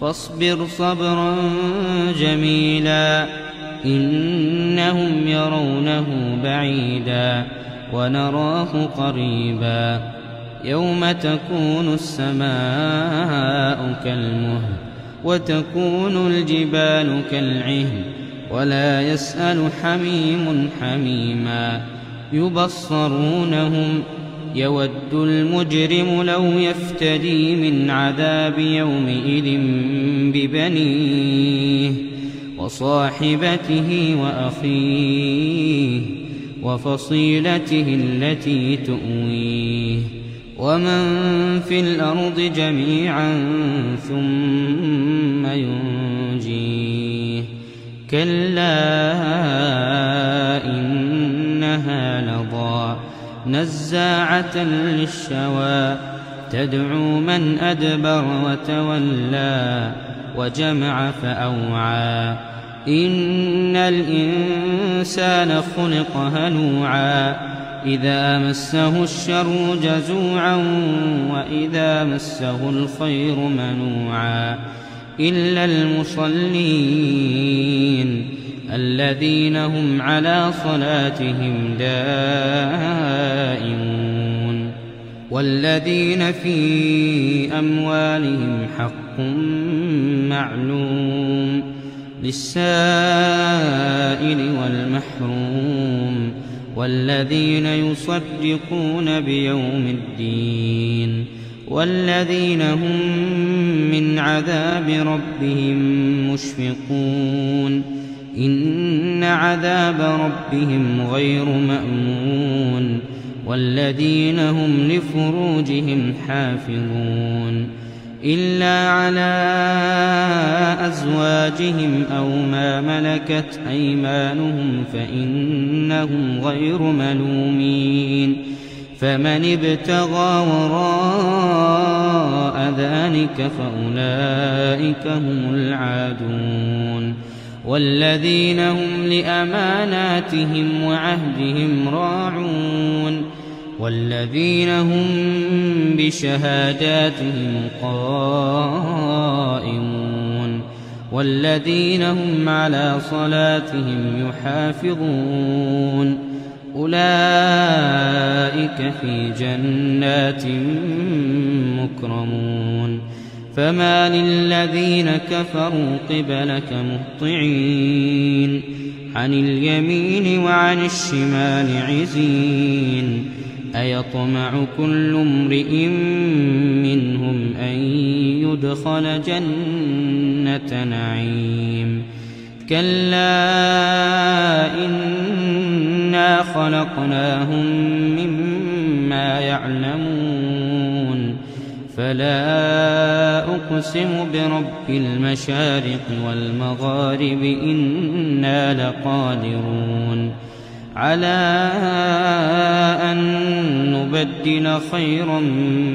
فاصبر صبرا جميلا إنهم يرونه بعيدا ونراه قريبا يوم تكون السماء كالمهل وتكون الجبال كالعهن ولا يسأل حميم حميما يبصرونهم يود المجرم لو يفتدي من عذاب يومئذ ببنيه وصاحبته وأخيه وفصيلته التي تؤويه ومن في الأرض جميعا ثم ينجيه كلا نزاعة للشوى تدعو من أدبر وتولى وجمع فأوعى إن الإنسان خلق هلوعا إذا مسه الشر جزوعا وإذا مسه الخير منوعا إلا المصلين الذين هم على صلاتهم دائمون والذين في أموالهم حق معلوم للسائل والمحروم والذين يصدقون بيوم الدين والذين هم من عذاب ربهم مشفقون إن عذاب ربهم غير مأمون والذين هم لفروجهم حافظون إلا على أزواجهم أو ما ملكت أيمانهم فإنهم غير ملومين فمن ابتغى وراء ذلك فأولئك هم العادون والذين هم لأماناتهم وعهدهم راعون والذين هم بشهاداتهم قائمون والذين هم على صلاتهم يحافظون أولئك في جنات مكرمون فما للذين كفروا قبلك مهطعين عن اليمين وعن الشمال عزين أيطمع كل امرئ منهم أن يدخل جنة نعيم كلا إنا خلقناهم مما يعلمون فلا أقسم برب المشارق والمغارب إنا لقادرون على أن نبدل خيرا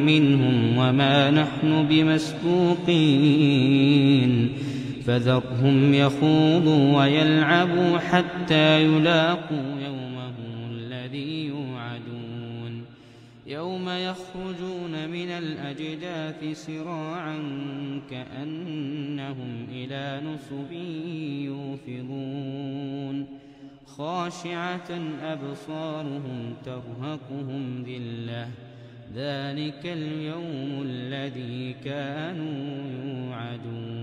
منهم وما نحن بمسبوقين فذرهم يخوضوا ويلعبوا حتى يلاقوا يومهم الذي يوم يوم يخرجون من الأجداث سراعا كأنهم إلى نصب يوفضون خاشعة أبصارهم ترهقهم ذلة ذلك اليوم الذي كانوا يوعدون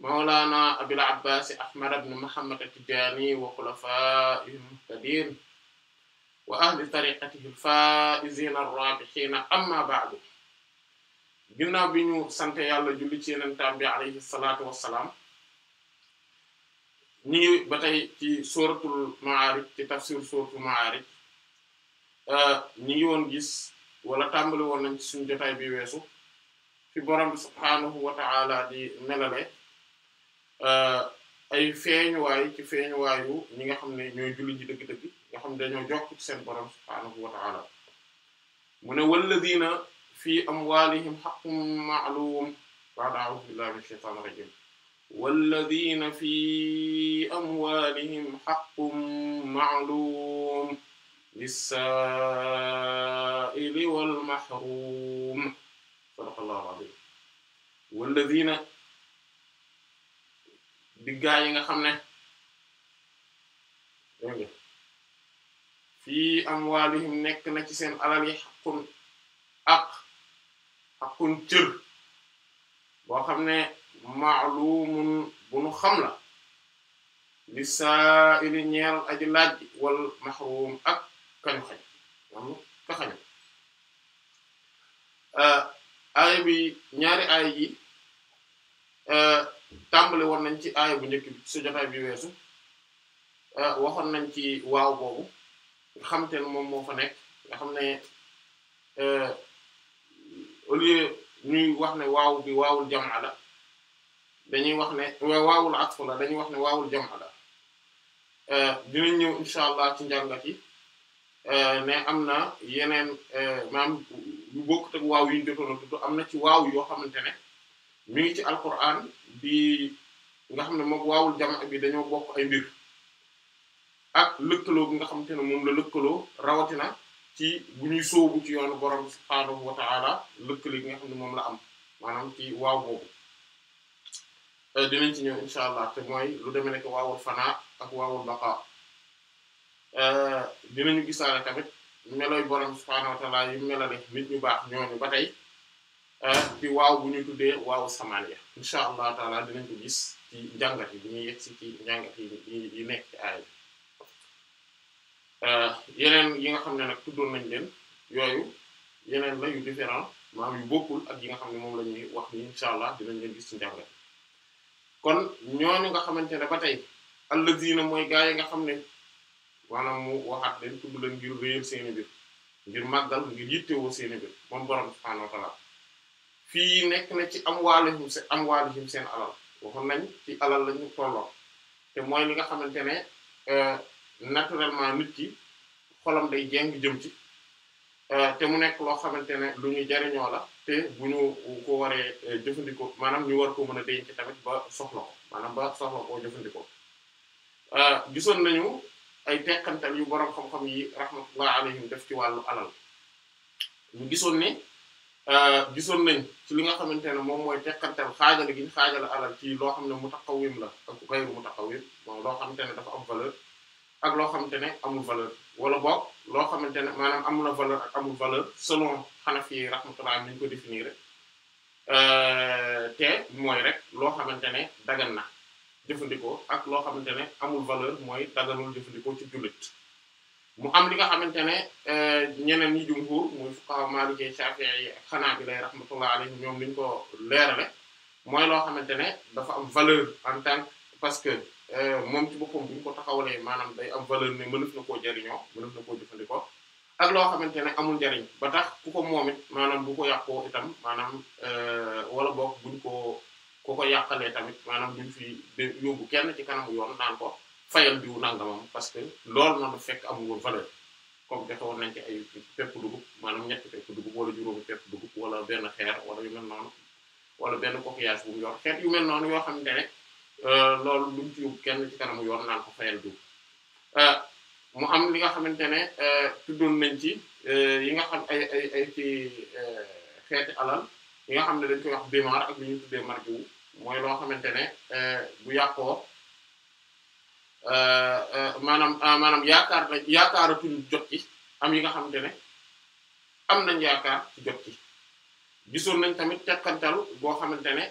مولانا أبي العباس أحمد بن محمد التجاني وخلفائه المهتدين وأهل طريقته الفائزين الرابحين أما بعد جنا بنيو سنتي يالله جولي سي نتابي عليه الصلاه والسلام ني باتاي تي سوره المعارج تي تفسير سوره المعارج ا ني ولا تامل وون نتي سون في بروم سبحانه وتعالى دي نلالي ay feeñuwaay ci feeñuwaayu ñi nga xam ne ñooy jullit ji dëgg-dëgg nga xam ne dañoo jokk ci seen borom subhaanahu wa ta'ala mu ne walladina fi amwalihim haqqun ma'lum ba'da a'udhu billahi minash shaitanir rajim walladina fi amwalihim haqqun ma'lum lis-sa'ili wal mahrum sadaqallahu alayhi walladina di gaa yi nga xam ne fii amwaalihim nekk na ci seen alal yi xaqun aq xaqun cër boo xam ne maalumun bu nu xam la li saa'ili ñeel aji laaj wal mahrum ak kañu xañ am euh, bi ñaari aaya yi euh, tàmbali woon nañ ci aaya bu njëkk bi ci jotaay bi weesu euh, waxoon nañ ci waaw boobu xam xamante ne moom moo fa nekk xam ne euh, au lieu ñuy wax ne waaw bi la dañuy wax ne waawul dañuy wax ne waawul jam'a la euh, dinañ ñëw incha allah ci njàngat ne am na yeneen maam lu bokkut ak waaw yu ñu jotoon a tudd na ci waaw yoo xamante ne mi ngi ci alquran di nga xam ne moom waawul jamaa bi dañoo bokk ay mbir ak lëkkaloo bi nga xamante ne moom la lëkkaloo rawatina ci bu ñuy sóobu ci yoonu borom subhaanahu wa ta'ala lëkkale bi nga xam ne moom la am maanaam ci waaw boobu euh, mooy lu demee nekk waawul fanaa ak waawul baqaa euh, dinañu gisaale tamit melooy borom subhaanahu wa ta'ala melale nit ñu baax ñooñu ba tey ci euh, waaw bu ñu tuddee waawu samaaniya incha allah taala dinañ ko gis ci njàngat yi bu ñuy yegg si ci njàngat yi yi nekk ci aay yeneen yi nga xam ne nag tuddoon nañ leen yooyu yeneen la yu différent maanaam yu bokkul ak yi nga xam ne moom la ñuy wax ni incha allah dinañ leen gis ci njàngat kon ñooñu nga xamante ne ba tey allazina mooy gaa yi nga xam ne maanaam mu waxaat leen tudd leen ngir réyal seeni bir ngir màggal ngir yittewoo seeni bir moom borom subhanahu wa taala fii nekk na ci amwaalihim seen amwaalihim seen alal waxoon nañ ci alal lañu ñu tolloo te mooy li nga xamante ne euh, naturellement nit ki xolam day jeng jëm ci euh, te mu nekk loo xamante ne lu ñu jariñoo la te bu ñu ko waree euh, jëfandikoo maanaam ñu war ko mën a denc tamit ba soxla ko maanaam ba soxla koo jëfandikoo gisoon nañu ay teqantal yu boroom xam-xam yi rahmatullah alayhim def ci wàllu alal ñu gisoon ne Euh, gisoon nañ ci li nga xamante ne moom mooy tekkantal xaajale gi ñu xaajale alal ci loo xam ne mutaqawwim la ak ghayru mutaqawwim bon loo xamante ne dafa am valeur ak loo xamante ne amul valeur wala boog loo xamante ne maanaam am na valeur ak amul valeur selon Hanafi yi rahmatullah ni ko définir euh, te mooy rek loo xamante ne dagan na jëfandikoo ak loo xamante ne amul valeur mooy daganul jëfandikoo ci jullit mu am li nga xamante ne euh, ñeneen ñi jumhur muy fuqaha Maliki Shafi'i ak Hanabila rahmatullah alayhim ñoom liñ ko leerale mooy loo xamante ne dafa am valeur en tant parce que euh, moom ci boppam bu ñu ko taxawalee maanaam day am valeur ne mënaf na koo jariñoo mënaf na koo jëfandikoo ak loo xamante ne amul njariñ ba tax ku ko moom it maanaam bu ko yàqoo itam maanaam euh, wala boog buñ ko ku ko yàqalee tamit maanaam duñ fi yóbbu kenn ci kanamu yoon naan ko fayal diwu nangamam parce que loolu noonu fekk amul woon valeur comme defe woon nañ ci ay pepp dugub maanaam ñetti pepp dugub wala juróomi pepp dugub wala benn xeer wala yu mel noonu wala benn coquillage bu mu yor xeet yu mel noonu yoo xam ne euh, loolu luñ ci kenn ci kanamu yoon naan ko fayal diw euh, am li nga xamante ne euh, tuddoon nañ ci yi nga xam ay ay ay ci xeeti alal yi nga xam ne dañ koy wax démarre ak li ñuy tuddee marge mooy loo xamante ne bu yàqoo Euh, euh, maanaam euh, maanaam yaakaar nañ yaakaaratuñ jot ci am yi nga xamante ne am nañ yaakaar ci jot ci gisoon nañ tamit tekkantalu boo xamante ne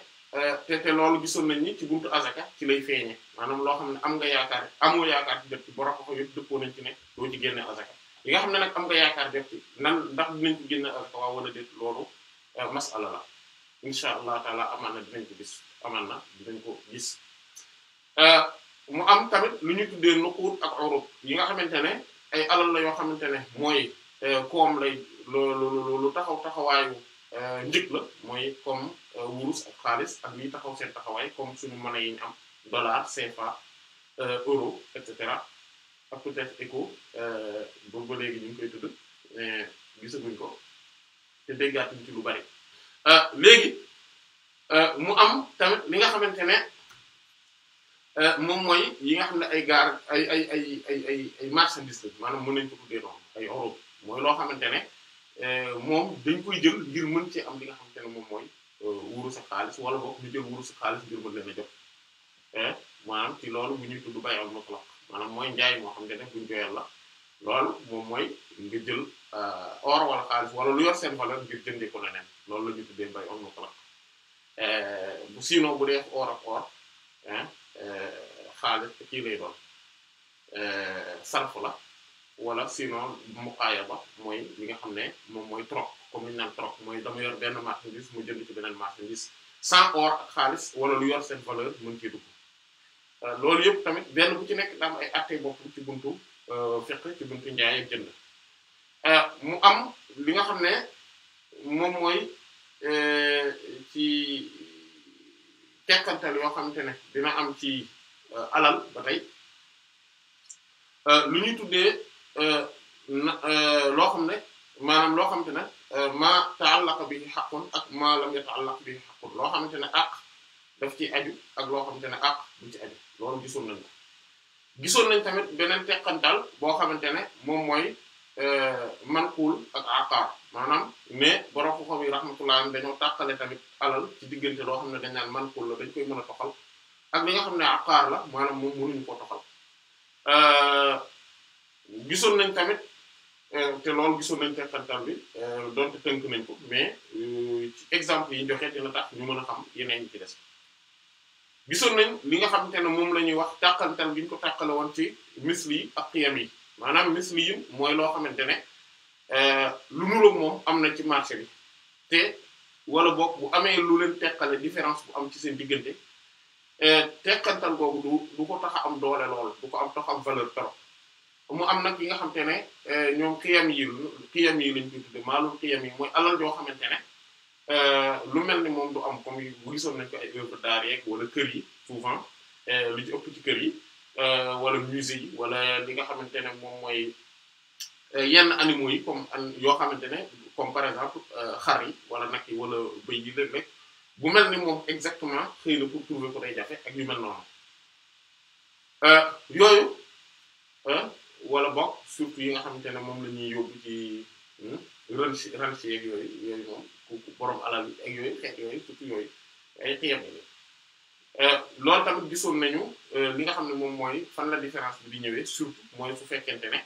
te te loolu gisoon nañ ni ci buntu azaka ci lay feeñe maanaam loo xam ne am nga yaakaar amoo yaakaar ci jot ci borom ko yëpp dëppoo nañ ci ne doo ci génne azaka yi nga xam ne nag am nga yaakaar jot ci nan ndax dinañ ko génne azaka waa wala déet loolu masala la incha allah taala amaan na dinañ ko gis amaan na dinañ ko gis mu am tamit lu ñu tuddee nuquud ak urub yi nga xamante ne ay alal la yoo xamante ne mooy euh, koom lay loolu lu taxaw taxawaayu euh, njëg la mooy comme euh, wurus ak xaalis ak liy taxaw seen taxawaay comme suñu monnaie yi ñu am dollar CFA euro et cetera ak peut-être éco ba léegi ñu ngi koy tudd mais gisaguñ ko te déggaatuñ ci lu bari léegi mu am tamit li nga xamante ne. Euh, moom mooy yi nga xam ne ay gaar ay ay ay ay ay ay marchandise la maanaam mën nañ ko tuddee noonu ay orop mooy loo xamante ne euh, moom dañ koy jël ngir mën ci am li nga xamante ne moom mooy euh, wuru sa xaalis wala boog ñu jël wuru sa xaalis ngir ci loolu bu ñuy tudd am na ko maanaam mooy njaay moo ne buñ la loolu moom mooy nga jël or wala xaalis wala lu yor seen valeur ngir jëndee ko leneen loolu la ñu tuddee bàyyi am na bu siinoo bu dee or ak or. Euh, xaalis kii lay doon euh, sarfu la wala sinon muqaayaba mooy li nga xam ne moom mooy troc comme li naan troc mooy dama yor benn marchandise mu jënd ci beneen marchandise sans or ak xaalis wala lu yor seen valeur mën cee dugg euh, loolu yëpp tamit benn bu ci nekk daa am ay atte bopp ci buntu fiqh ci buntu njaay ak jënd mu am li nga xam ne moom mooy ci. tekkantal yoo xamante ne dina am ci euh, alal ba tey euh, lu ñuy tuddee euh, loo xam ne maanaam loo xamante ne ma ta'allaqa bihi haqqun ak ma lam yata'allaq bihi haqqun loo xamante ne àq daf ci aju ak loo xamante ne àq du ci aju loolu gisoon nañ ko gisoon tamit beneen teqantal boo xamante ne moom mooy manqul ak aqaar maanaam mais borom xam-xam yi rahmatullah dañoo tàqale tamit alal ci diggante loo xam ne dañ naan man kul la dañ koy mën a toxal ak li nga xam ne aqaar la maanaam moom mënuñu ko toxal euh, gisoon nañ tamit euh, te gisoon nañ teqantal bi euh, donte tënk nañ ko mais ci yi joxe dina tax ñu mën a xam yeneen ñi ci des nañ li nga xamante ne moom la ñuy wax tàqantal bi ñu ko tàqale woon ci misli yi ak xiyam yi maanaam misli yi mooy loo xamante ne Euh, lu nuroog moom am na ci marché bi te wala boog bu amee lu leen teqale différence bu am ci seen diggante euh, teqantal googu du du ko tax a am doole lool du ko am tax am valeur trop mu am nag yi nga xamante ne euh, ñoom xiyam yi xiyam yi lañ koy tuddee maalum xiyam yi mooy alal joo xamante ne lu mel ni moom du am comme bu gisoon nañ ko ay œuvre d'art yeeg wala kër yi souvent li ci ëpp ci kër yi wala musée yi wala li nga xamante ne moom mooy. Euh, yenn animaux yi comme yo xamantene comme par exemple euh, xar yi wala nag yi wala bëy yi léeg bu melni mom exactement xeyna pour trouver ko day jafe ak yu mel noonu hein wala bok surtout yi nga xamantene mom lañuy la ñuy yóbbu ci hmm, ren si ak si yeeg mom yooyu ku borom alal ak yooyu xeet yooyu surtout yooyu ay xiyam euh loolu tamit gisoon nañu li nga xam mom moy fan la différence bi di ñëwee surtout moy fu fekkente ne.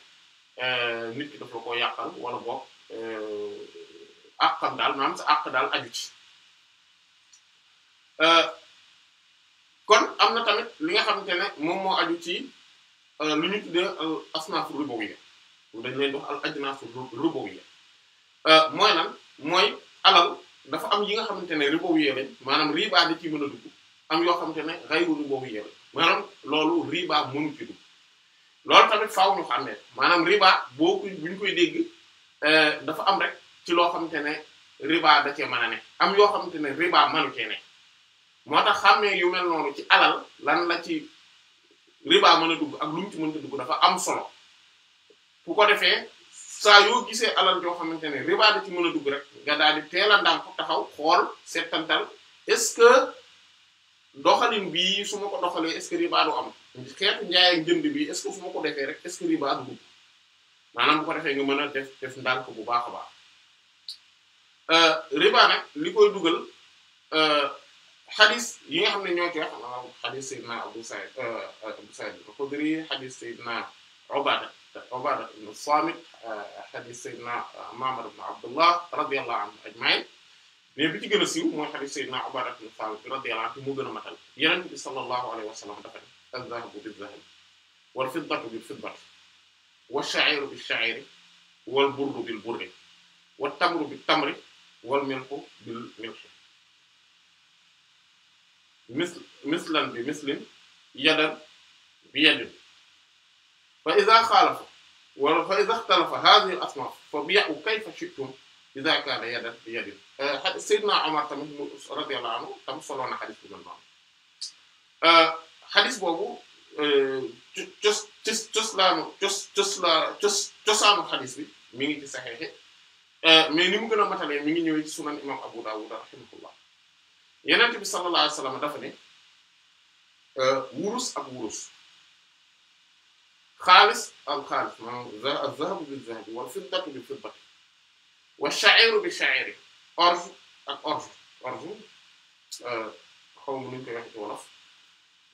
Euh, nit ki daf la yàqal wala boog euh, àqam daal maanaam sa àq daal aju ci euh, kon am na tamit li nga xamante ne moom moo aju ci lu ñu tuddee asnaafu ribawiyya dañ leen wax al ajnaasu mooy lan mooy alal dafa am yi nga xamante ne ribawiyya lañ maanaam riba da ciy mën a dugg am yoo xamante ne ghayru ribawiyya lañ maanaam loolu riba mënu ci dugg loolu tamit faaw ñu xàmmee maanaam riba boo ko bu ñu koy dégg euh, dafa am rek ci loo xamante ne riba da cee am yoo xamante ne riba manu ne moo tax xàmmee yu mel noonu ci alal lan la ci riba mën a dugg ak lu mu ci mënta dugg dafa am solo bu ko defee saa yoo gisee alal yoo xamante ne riba da ci mën a dugg rek nga daal di teel a ndànk taxaw xool seetantal est-ce que doxalin bii su ma ko doxalee est-ce que riba du am. xeetu njaay ak jënd bi est-ce que fu ma ko rek est-ce que riba dugub maanaam bu ko defee nga mën a def def ndànk bu baax a baax riba nag li koy dugal xadis yi nga xam ne ñoo ci wax maanaam xadis Seydina Abu Saïd eh, eh, Abu sa'id al-Khudri xadis Seydina Ubaada Ubaada ibn Saamit xadis eh, Seydina Ma'mar ibn Abdullah radiyallahu anhu ajma'in mais bi ci gën a siiw mooy xadis Seydina ibn Saamit radiyallahu anhu mu gën a matal Yonent iya, bi sallallahu alayhi wasallam dafa ne الذهب بالذهب والفضة بالفضة والشعير بالشعير والبر بالبر والتمر بالتمر والملح بالملح مثلا بمثل يدا بيد فإذا خالف فإذا اختلف هذه الأصناف فبيعوا كيف شئتم إذا كان يدا بيد أه، سيدنا عمر رضي الله عنه تم صلونا حديث من xadis boobu cos cos coslaanu cos cosla cos cosaanu xadis bi mi ngi ci saxeexe mais ni mu gën a matalee mi ngi ñëwee ci sunan imam Abu Dawud rahimahullah yenente bi sallallahu alayhi wasallam dafa ne wurus ak wurus xaalis ak xaalis maanaam az-zahabu bil-zahabi wal-fiddatu bil-fiddati wash-sha'iru bi-sha'iri orge ak orge orge xaw ma nu ñu koy waxee ci wolof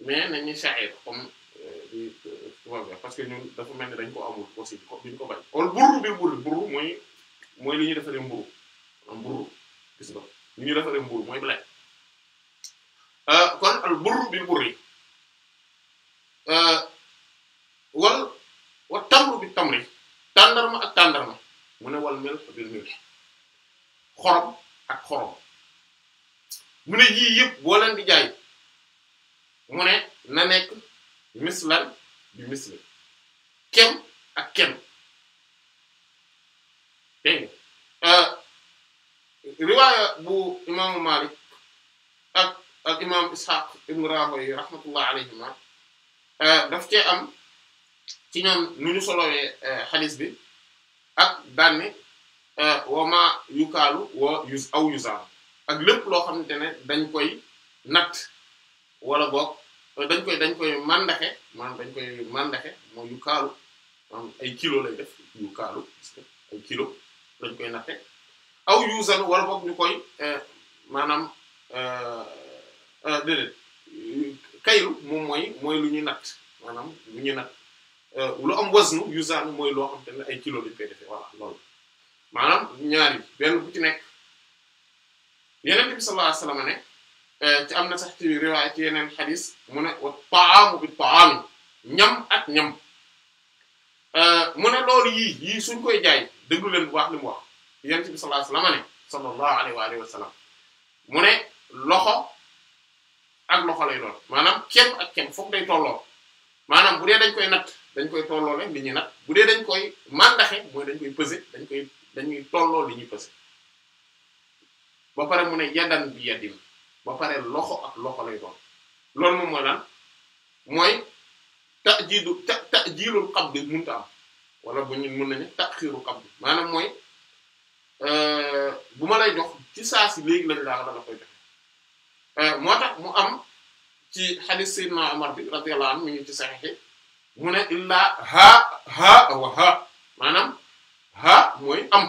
mais nañuy sha'ir comme euh, euh, parce que dafa mel ni dañ ko amul aussi duñ ko bañ kon burru bi burru burru mooy mooy li ñuy defaree mburu am ah, burru nga li ñuy defaree mburu mooy blé euh, kon al burru bi burri wal wa tamru bi tamri tàndarma ak tàndarma mu ne wal milh bil milh xorom ak xorom mu ne yii yëpp boo leen mu ne na nekk mislan bi misli kem ak kem euh, riwaaya bu imaamu Malik ak ak imaam Ishaq ibn Rahowi rahmatullah alayhima euh, daf ce am ci ñoom nu ñu solowee euh, xadis bi ak daanne wa ma yukaalu wa yus aw yusaam ak lépp loo xamante ne dañ koy natt wala boog dañ koy dañ koy mandaxe maanaam dañ koy mandaxe mooy yu kaalu ay kilo lay def yu parce que ay kilo lañ koy natte aw yuusan wala boog ñu koy eh, maanaam eh, eh, déedéet kaylu moom mooy mooy lu ñuy natt maanaam lu ñuy natt lu am wasnu yuusan mooy loo xam te ne ay kilo lañ koy defee voilà lool maanaam ñaari benn bu nekk yeneen bi sallallahu alayhi ne ci eh, am na sax ci riwaay ci yeneen xadis mu ne wa taamu bi taami ñam ak ñam eh, mu ne loolu yii yii suñ koy jaay déglu leen bu baax li mu wax yonent bi sallallahu alayhi ne sallallahu alayhi wa mu ne loxo ak loxo lay doon maanaam kem ak kem fokk day tolloo maanaam bu dee dañ koy natt dañ koy tolloo rek li ñuy bu dee dañ koy mandaxe mooy dañ koy peser dañ koy dañuy tolloo li ñuy peser ba mu ne yadan bi yadin ba pare loxo loxo lay doon loolu moom mooy lan mooy ta'jidu ta ta'jilul qabd mënta am wala bu ñu mën nañu ta'khirul qabd maanaam mooy euh, bu ma lay jox ci saa léegi lañ laa la la koy joxe euh, moo tax mu am ci hadith sayyidina Umar bi radiyallahu anhu mu ngi ci sahih mu ne illaa ha ha ha maanaam ha mooy am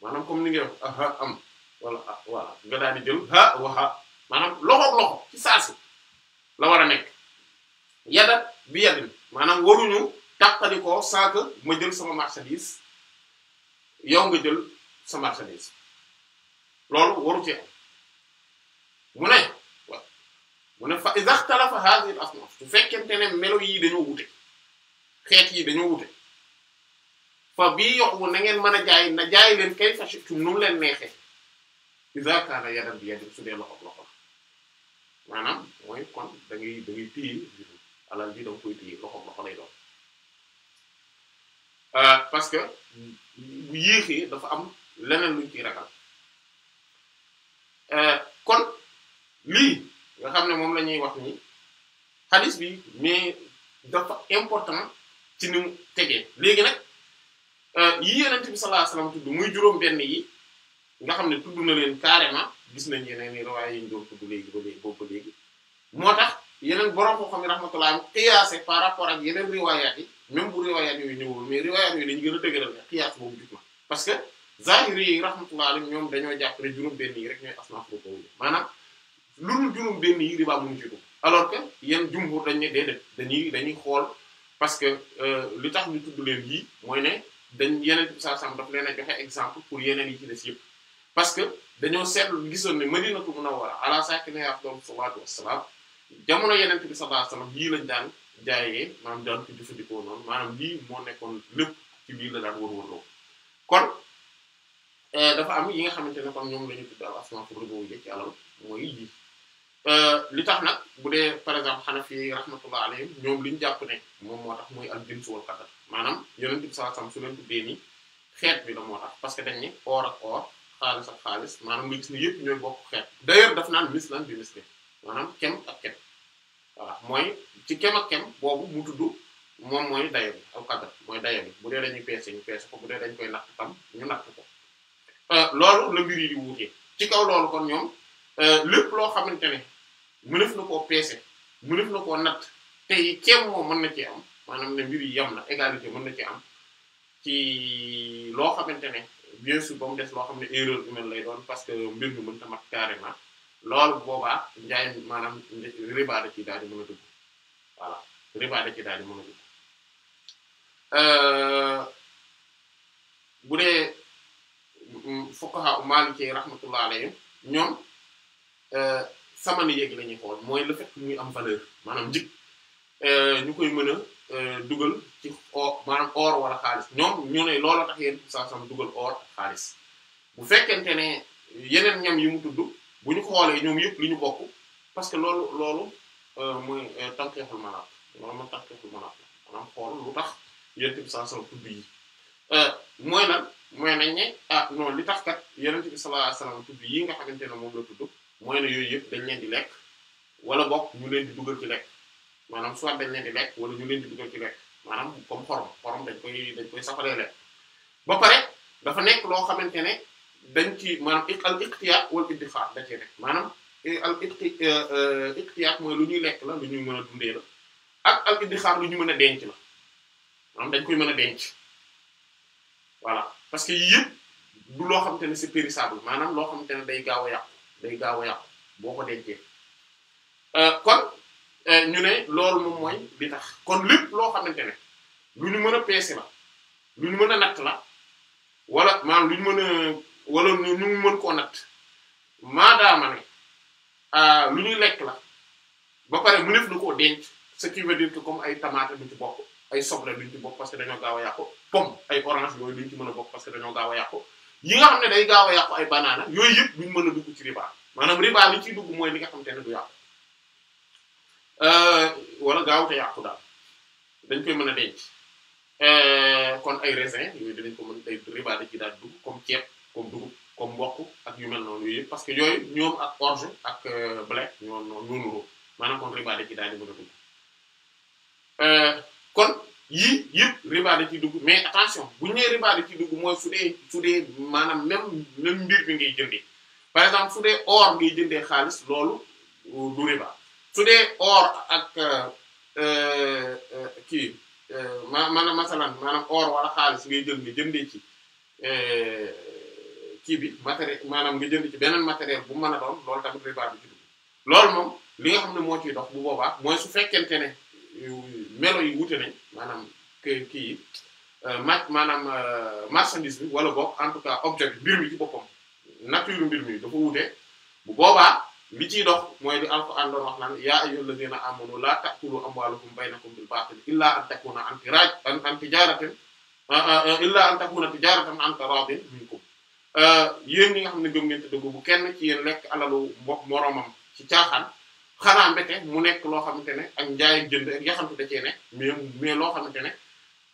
maanaam comme ni nga wax ha am wala ah voilà nga daal di jël ha waxa maanaam loxo loxo ci saasi la war a nekk yada bi yadin maanaam waruñu tàqali ko ma jël sama marchandise yow nga jël sa marchandise loolu waru ci am mu ne wa mu ne fa iza ikhtalafa hadhihi al-asnaf su fekkente ne melo yii dañoo wute xeet yi dañoo wute fa bii yox wu na ngeen mën a jaay na jaay leen kay fa shi'tum nu leen neexee iza kaana yadan bi yadin su dee loxo loxo maanaam mooy kon da ngay da ngay téye alal ji da koy téye loxo loxo lay doon euh, parce que bu yéexee dafa am leneen luñ ciy ragal euh, kon lii nga xam ne moom la ñuy wax ni hadis bi mais dafa important ci ni mu tegee léegi nag euh, yi Yonent bi sallallahu alayhi wasallam muy juróom benn yi nga xam ne tudd na leen carrément gis nañ yeneen i riwaay yi ñu doon tudd léegi ba léegi boobu ba léegi moo tax yeneen borom koo xam ne rahmatullah am par rapport ak yeneen riwaayaat yi même bu riwaayaat yooyu ñëwul mais riwaayaat yooyu ñu gën a dëgëral ne xiyaas boobu jug na parce que zahiri yi rahmatullah alayhim ñoom dañoo jàpp ne juróom benn yi rek ñooy asnaaf rubu yi maanaam lu dul juróom benn yi riba mu ngi ci dugg alors que yenn jumhur dañ ne déedéet dañuy dañuy xool parce que euh, li tax ñu tudd leen yii mooy ne dañ yeneen bi sallallahu alayhi exemple pour yeneen yi ci yëpp parce que dañoo seetlu gisoon ne Madinatu Munawwara ala saakinihaa afdalu salaatu wassalaam jamono Yonent bi sallallahu alayhi wasallam yii lañ daan jaayee maanaam daan ko jëfandikoo noonu maanaam lii moo nekkoon lépp ci biir la daan wër kon euh, dafa am yi nga xamante ne kon ñoom la ñu tudd al asmaa ar-rububiyya ci alal mooy ji euh, li tax nag bu dee par exemple Hanafi rahmatullah alayhim ñoom li ñu jàpp ne moom moo tax mooy al-jinsu wal qadar maanaam Yonent bi sallallahu alayhi wasallam su leen tuddee nii xeet bi la parce que dañ xaalis ak xaalis maanaam nga gis daf naan mislan bi misli maanaam kem ak kem mooy ci kem ak kem boobu moom mooy dayo bi mooy dayo bu dee dañuy peese ñu peese dee dañ koy natt tam ñu ko euh, loolu la mbir yi di ci kaw loolu kon ñoom euh, lépp loo xamante ne mënef na koo peese mënef na koo natt te kem moom mën na ci am maanaam ne mbir yi yem na égalité mën na ci am ci loo xamante ne bien sûr ba mu des loo xam ne erreur humaine lay doon parce que mbir mën mënta mat carrément loolu boobaa njaay maanaam riba da ci daal di mën a dugg voilà dee da ci daal di mën a dugg euh, bu dee yéeg euh, la ñuy xool mooy le fait que am valeur maanaam njëg euh, ñu koy mën Euh, dugal ci or maanaam or wala xaalis ñoom ñu ne loola tax yéen saa sam dugal or ak xaalis bu fekkente ne yeneen ñam yi mu tudd bu ñu xoolee ñoom yëpp lu ñu bokk parce que loolu loolu euh, mooy euh, tànkeexul manaat loolu mooy tànkeexul manaat maanaam xool lu tax yonent bi sallallahu tudd yi mooy lan mooy nañ ne ah non li tax kat yonent bi sallallahu alayhi tudd yi nga xamante ne moom la tudd mooy ne yooyu yëpp dañ leen di lekk wala bokk ñu leen di dugal ci lekk maanaam soit dañ leen di lekk wala ñu leen di dugal ci lekk maanaam comme xorom xorom dañ koy dañ lekk ba pare dafa nekk loo xamante ne dañ ci maanaam al iqtiyaat wal iddixaar maanaam al euh, euh, lu ñuy lekk la lu ñuy mën a dundee la ak lu ñu mën a denc la maanaam dañ koy mën a denc voilà parce que yii yëpp du loo xamante ne c'est périssable maanaam loo xamante ne day gaaw a yàqu day gaaw a yàqu boo ko dencee euh, kon Eh, ñu ne loolu moom mooy di tax kon lépp loo xamante ne lu ñu mën a peese la lu ñu mën a natt la wala maanaam lu ñu mën a wala ñu mën koo natt maadaama ne ah, lu ñuy lekk la ba pare mu nekk lu ko denc ce qui veut dire que comme ay tomate duñ ci bokk ay soble duñ ci bokk parce que dañoo gaaw a yàqu pomme ay orange yooyu duñ ci mën a bokk parce que dañoo gaaw a yàqu yi nga xam ne day gaaw a yàqu ay banana yooyu yëpp duñ mën a dugg ci riba maanaam riba li nga xamante ne du Euh, wala gaawute yàqu daal dañ koy mën a denc euh, kon ay raisin yooyu dinañ ko mën ay riba da ci daal dugg comme ceeb comme dugub comme mbokk ak yu mel noonu yooyu yëpp parce que yooyu ñoom ak orge ak euh, blé ñoo ñoo nuroo maanaam kon riba da di mën dugg mais attention bu ñu nee riba da ciy maanaam même même mbir bi ngay jëndee par exemple su dee jëndee xaalis loolu su dee or ak euh, euh, kii euh, ma maanaam masalan maanaam or wala xaalis ngay jël nga jëndee ci kii bi matériel maanaam nga jënd ci beneen matériel bu mën a lool loolu tamit riba bi ci dugg moom li nga xam ne moo ciy dox bu boobaa mooy su fekkente ne melo yi wute nañ maanaam kii yi ma maanaam marchandise bi wala boog en tout cas objet bi mbir mi ci boppam nature mbir mi dafa wute bu boobaa li ciy dox mooy li alquran doon wax naan yaa ayyuhal ladina amanu la ta'kulu amwalukum baynakum bil batil illa an takuna an tiraj an tijaratin illa an takuna tijaratan an taradin minkum euh, yéen ñi nga xam ne gëm ngeen te dëggu bu kenn ci yéen lekk alalu mbokk moromam ci caaxaan xanaa mbete mu nekk loo xamante ne ak njaay ak jënd ak yaxantu da cee ne mais mais loo xamante ne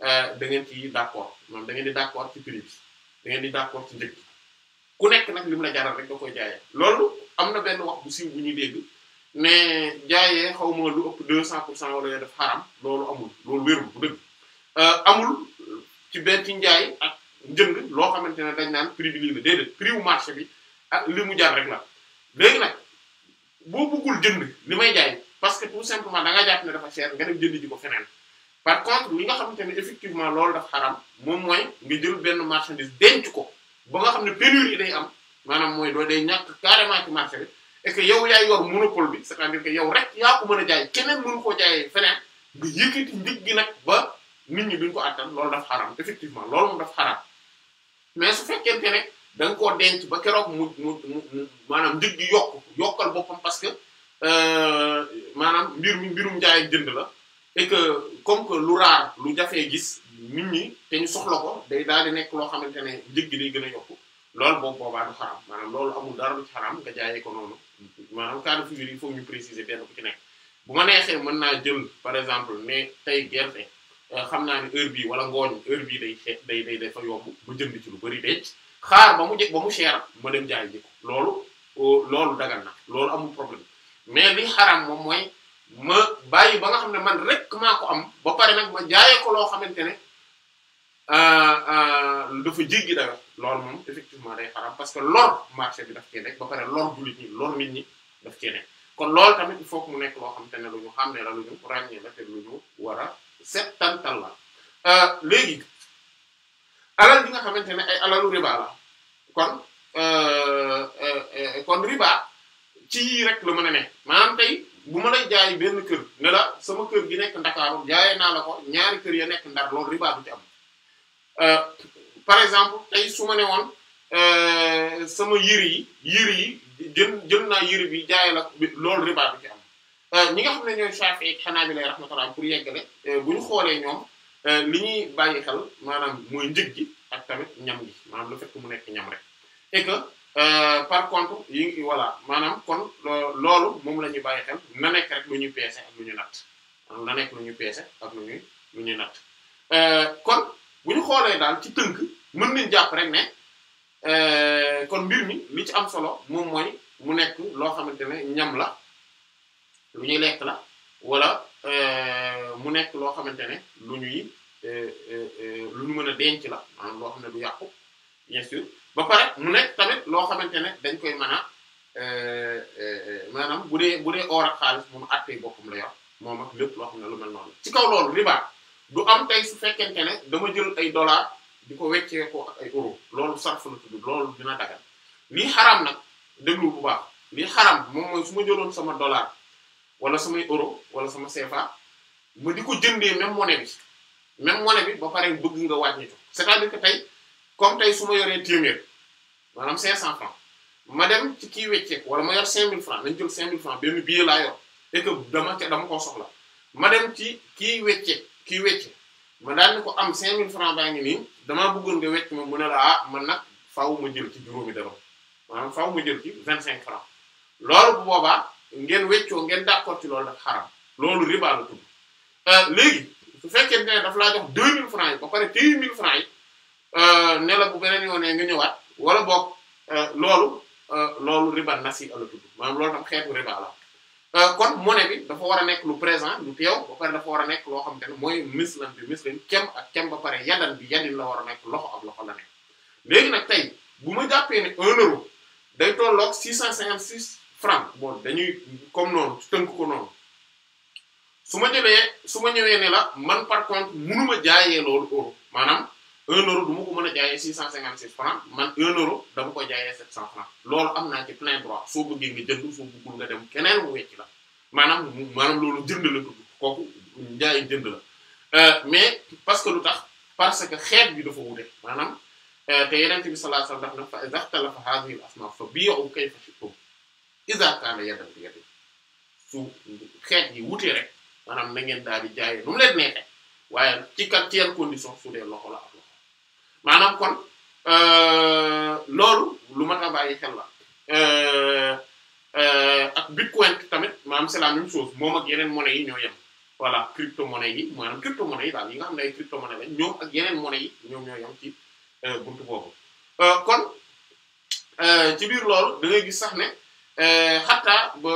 euh, da ngeen ci d'accord moom da ngeen di d'accord ci prix bi da ngeen di ci njëg ku nekk nag li mu la jaral rek nga koy jaayee loolu am na benn wax bu siiw bu ñuy dégg ne jaayee xaw ma lu ëpp 200 pour cent wala def xaram loolu amul loolu wérul bu dëgg euh, amul ci benn ci njaay ak njënd loo xamante ne dañ naan prix bi lii la déedéet prix marché bi ak li mu jar rek la léegi nag boo bëggul jënd li may jaay parce que tout simplement da nga jàpp ne dafa cher nga dem jënd ji ko feneen par contre li nga xamante ne effectivement loolu daf xaram moom mooy nga jël benn marchandise denc ko ba nga xam ne yi day am maanaam mooy doo day ñàkk carrément ci marché bi et que yow yaay yor monopole bi c'est-à-dire que yow rek yaa ko mën a jaay keneen mënu koo jaayee feneen nga yëkkati njëg gi nag ba nit ñi duñ ko attan loolu daf xaram effectivement loolu moom daf xaram mais su fekkente ne da koo denc ba keroog mu mu mu maanaam njëg gi yokk yokkal boppam parce que euh, maanaam mbir mi mbirum jaay jënd la et que comme que lu raar lu jafee gis nit ñi te ñu soxla ko day daal di nekk loo xamante ne njëg gi day gën a yokku loolu boobu boobaa du xaram maanaam loolu amul dara lu ci ko noonu maanaam cas de figure yi foog ñu préciser benn ku bu ma neexee mën naa jël par exemple ne tey gerte euh, xam naa ne heure bii wala ngooñ heure day xee day day fa yomb bu jënd ci lu bari denc xaar ba mu jëkk ba mu cher ma dem jaay ji ko loolu oh, loolu dagal loolu amul problème mais li xaram moom mooy ma bàyyi ba nga xam ne man rek maa am ba pare nag ma jaayee ko loo xamante ne euh, euh, dafa jéggi dara loolu moom effectivement day xaram parce que lor marché bi daf cee nekk ba pare lor jullit ñi lor nit ñi daf cee nekk kon lool tamit il faut mu nekk loo xamante ne lu ñu xam ne la lu ñu ràññee la te lu ñu war a settantal la euh, léegi alal bi nga xamante ne ay alalu riba la kon kon riba ci yii rek la mën a ne maanaam tey bu ma lay jaay benn kër ne la sama kër gi nekk ndakaaru jaayee naa la ko ñaari kër ya nekk ndar loolu riba ci am euh, par exemple tey su ma ne woon euh, sama yëri yi yëri yi jën jën naa yëri bi jaay la loolu riba du euh, ñi nga xam ne ñooy Shafi'i ak Hanabila rahmatullah pour yeggale bu ñu xoolee ñoom li ñuy bàyyi xel maanaam mooy njëg gi ak tamit ñam gi maanaam lu fekk mu nekk ñam rek Euh, par contre yi voilà maanaam kon loolu moom la ñuy bàyyi xel na nekk rek lu ñuy peese ak lu ñu natt na nekk lu ñuy peese ak lu ñuy lu ñuy natt euh, kon bu ñu xoolee daal ci tënk mën nañ jàpp rek ne euh, kon mbir mi li ci am solo moom mooy mu nekk loo xamante ne ñam la lu ñuy lekk la wala mu nekk loo xamante ne lu ñuy lu ñu mën a denc la maanaam loo xam ne du yàqu bien sûr ba pare mu nekk tamit loo xamante ne dañ koy mën a euh, euh, maanaam bu dee bu dee or ak xaalis moom attey boppam la yor moom ak lépp loo xam ne lu mel noonu ci kaw loolu riba du am tey su fekkente ne dama jël ay dollar di ko weccee ko ak ay euro loolu sarf la tudd loolu dina dagal lii xaraam nag déglu bu baax lii xaraam moom mooy su ma jëloon sama dollar wala samay euro wala sama CFA ma di ko jëndee même monnaie bi même monnaie bi ba pare bëgg nga wàññi ko c'est-à-dire que tey comme tey su ma yoree téeméer maanaam 500 francs ma dem ci kii wecceeku wala ma yor 5000 francs nañ jël 5000 francs benn billet laa yor et que dama ma dem ci kii wecce kii wecce ma daal ko am 5000 francs baa ngi nii damaa bëggoon nga wecc ma mu ne la ah man nag faw ma jël ci juróomi dara maanaam jël ci 25 francs loolu bu boobaa ngeen weccoo ngeen d'accord ci loolu nag xaram loolu riba la tudd euh, léegi su fekkee ne daf laa jox 2000 francs yi ba pare 1000 francs yi. Eh, Nela la bu beneen yoonee nga ñëwaat wala boog eh, loolu eh, loolu riba nasi la tudd maanaam loolu tam xeetu riba la kon monnaie bi dafa war a nekk lu présent lu teew ba pare dafa war a bi kem ak kem ba pare yadan bi yadin la war a nekk loxo ak loxo la nekk léegi nag tey bu ma jàppee ne euro day tolloog six cent cinquante six francs bon dañuy comme noonu tënk ko noonu ma jëlee la man par contre mënuma jaayee loolu euro maanaam 1 euro du ma ko mën a jaayee 656 francs man 1 euro dama ko jaayee 700 francs loolu am naa ci plein droit soo bëggee nga jënd soo bëggul nga dem keneen mu wecc la maanaam maanaam loolu jënd la tudd kooku njaay jënd la eh, mais parce que lu tax parce que xeet bi dafa manam maanaam eh, te yenente bi sallallahu alayhi wasallam fa idha ikhtalafa hadhihi al-asma fa bi'u kayfa shi'tum idha kana yadan bi yadin su xeet yi wute rek manam na ngeen daal di jaayee nu mu leen neexee waaye ci kat ci condition su dee loxo la maanaam kon euh, loolu lu mat a bàyyi xel la euh, euh, ak bitcoin tamit maanaam c'est la même moom ak yeneen monnaie yi ñoo yem voilà crypto monnaie yi maanaam crypto monnaie yi nga xam ne ay crypto monnaie lañ ñoom ak yeneen monnaie yi ñoo yem ci buntu boobu kon ci biir loolu da ngay gis sax ne xataa ba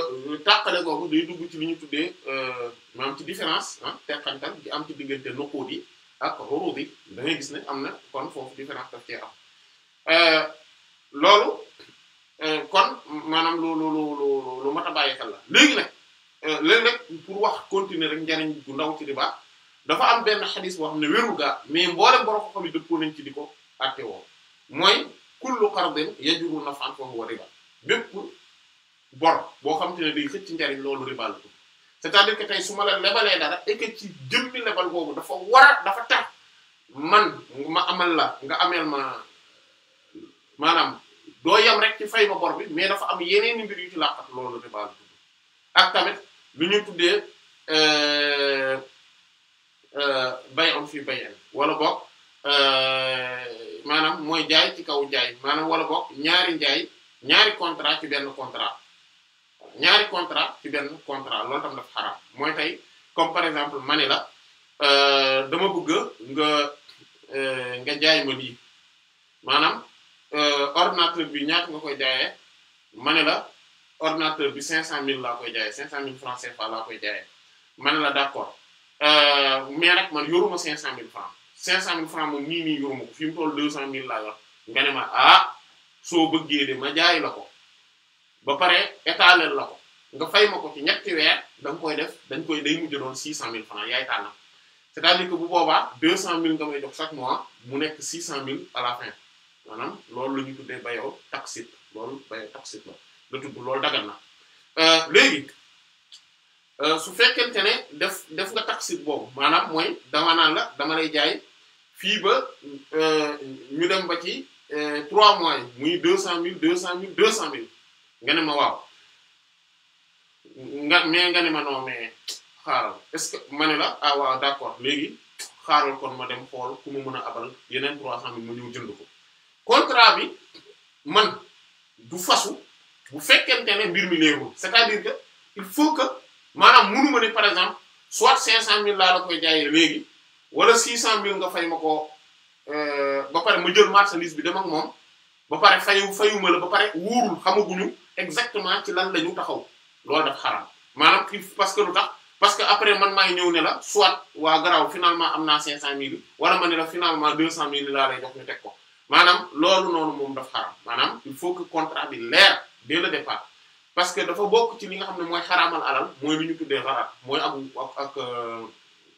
tàqale googu day dugg ci lu ñu tuddee maanaam ci différence ah teqantal gi am ci diggante noqoot yi ak ah, urudi da ngay gis ne am na kon foofu différence daf cee am euh, loolu euh, kon maanaam lu lu lu lu lu a bàyyi xel la léegi nag euh, léegi nag pour wax continuer rek njariñ bu ndaw ci riba dafa am benn xadis boo xam ne wéru gaa mais mboolem borom ko xam ne dëppoo ci di ko àtte woo mooy kullu qardin yajuru naf'an fa huwa riba bépp bor boo xam te ne day xëcc njariñ loolu riba la c'est-à-dire que tey su la lebalee dara et que ci jëmmi lebal boobu dafa war a dafa tax man ma amal la nga ameel ma maanaam doo yam rek ci fay ma bor bi mais dafa am yeneen i mbir yu ci làqat loolu riba la tudd ak tamit lu ñu tuddee euh, euh, bay'un fi bay'in wala boog euh, maanaam mooy jaay ci kaw jaay maanaam wala boog ñaari njaay ñaari contrat ci benn contrat ñaari contrat ci benn contrat loolu tam dafa xaraam mooy tey comme par exemple ma ne la euh, dama bëgg nga euh, nga jaay ma lii maanaam euh, ordinateur bi ñaata nga koy jaayee ma ne la ordinateur bi 500000 laa koy jaayee 500000 francs CFA laa koy jaayee ma la d'accord mais nag man yoruma 500000 francs 500000 francs moom nii nii yoruma ko fi mu toll 200000 laa yor nga ne ma ah soo bëggee de ma jaay la ko. ba pare état leen la ko nga fay ma ko ci ñetti weer da nga koy def dañ koy day mujj doon six cent mille francs yaay tànn c'est-à-dire que bu boobaa deux cent mille nga may jox chaque mois mu nekk six cent mille à la fin maanaam loolu la ñu tuddee bayaw taxit loolu bayaw taxit la la tudd loolu dagal na euh, léegi euh, su fekkente ne def def nga taxit boobu maanaam mooy dama naan la dama lay jaay fii ba euh, ñu dem ba ci trois mois yi muy deux cent mille deux cent mille mille nga ne ma waaw nga nga ne ma non mais xaaral est-ce que ma ne la ah waaw d'accord léegi xaaral kon ma dem xool ku ma mën a abal yeneen trois cent mille ma ñëw jënd ko contrat bi man du fasu bu fekkente ne mbir mi léegul c'est-à-dire que il faut que maanaam mënu ma par exemple soit cinq cent mille laa la koy jaayee léegi wala six cent mille nga fay ma ko euh, ba pare ma jël marchandise bi dem ak moom ba pare fayu fayuma la ba pare wóorul xamaguñu exactement ci lan la ñu taxaw loolu daf maanaam kii parce que lu parce que après man maay ñëw ne la waa garaaw finalement am naa cinq cent mille wala ma ne la finalement deux cent mille laa lay jox ñu ko maanaam loolu noonu moom daf xaraam maanaam il faut que contrat bi leer dès le départ parce que bokk ci li nga xam ne mooy xaraamal alal mooy lu ñu tuddee xaraam mooy ak ak euh,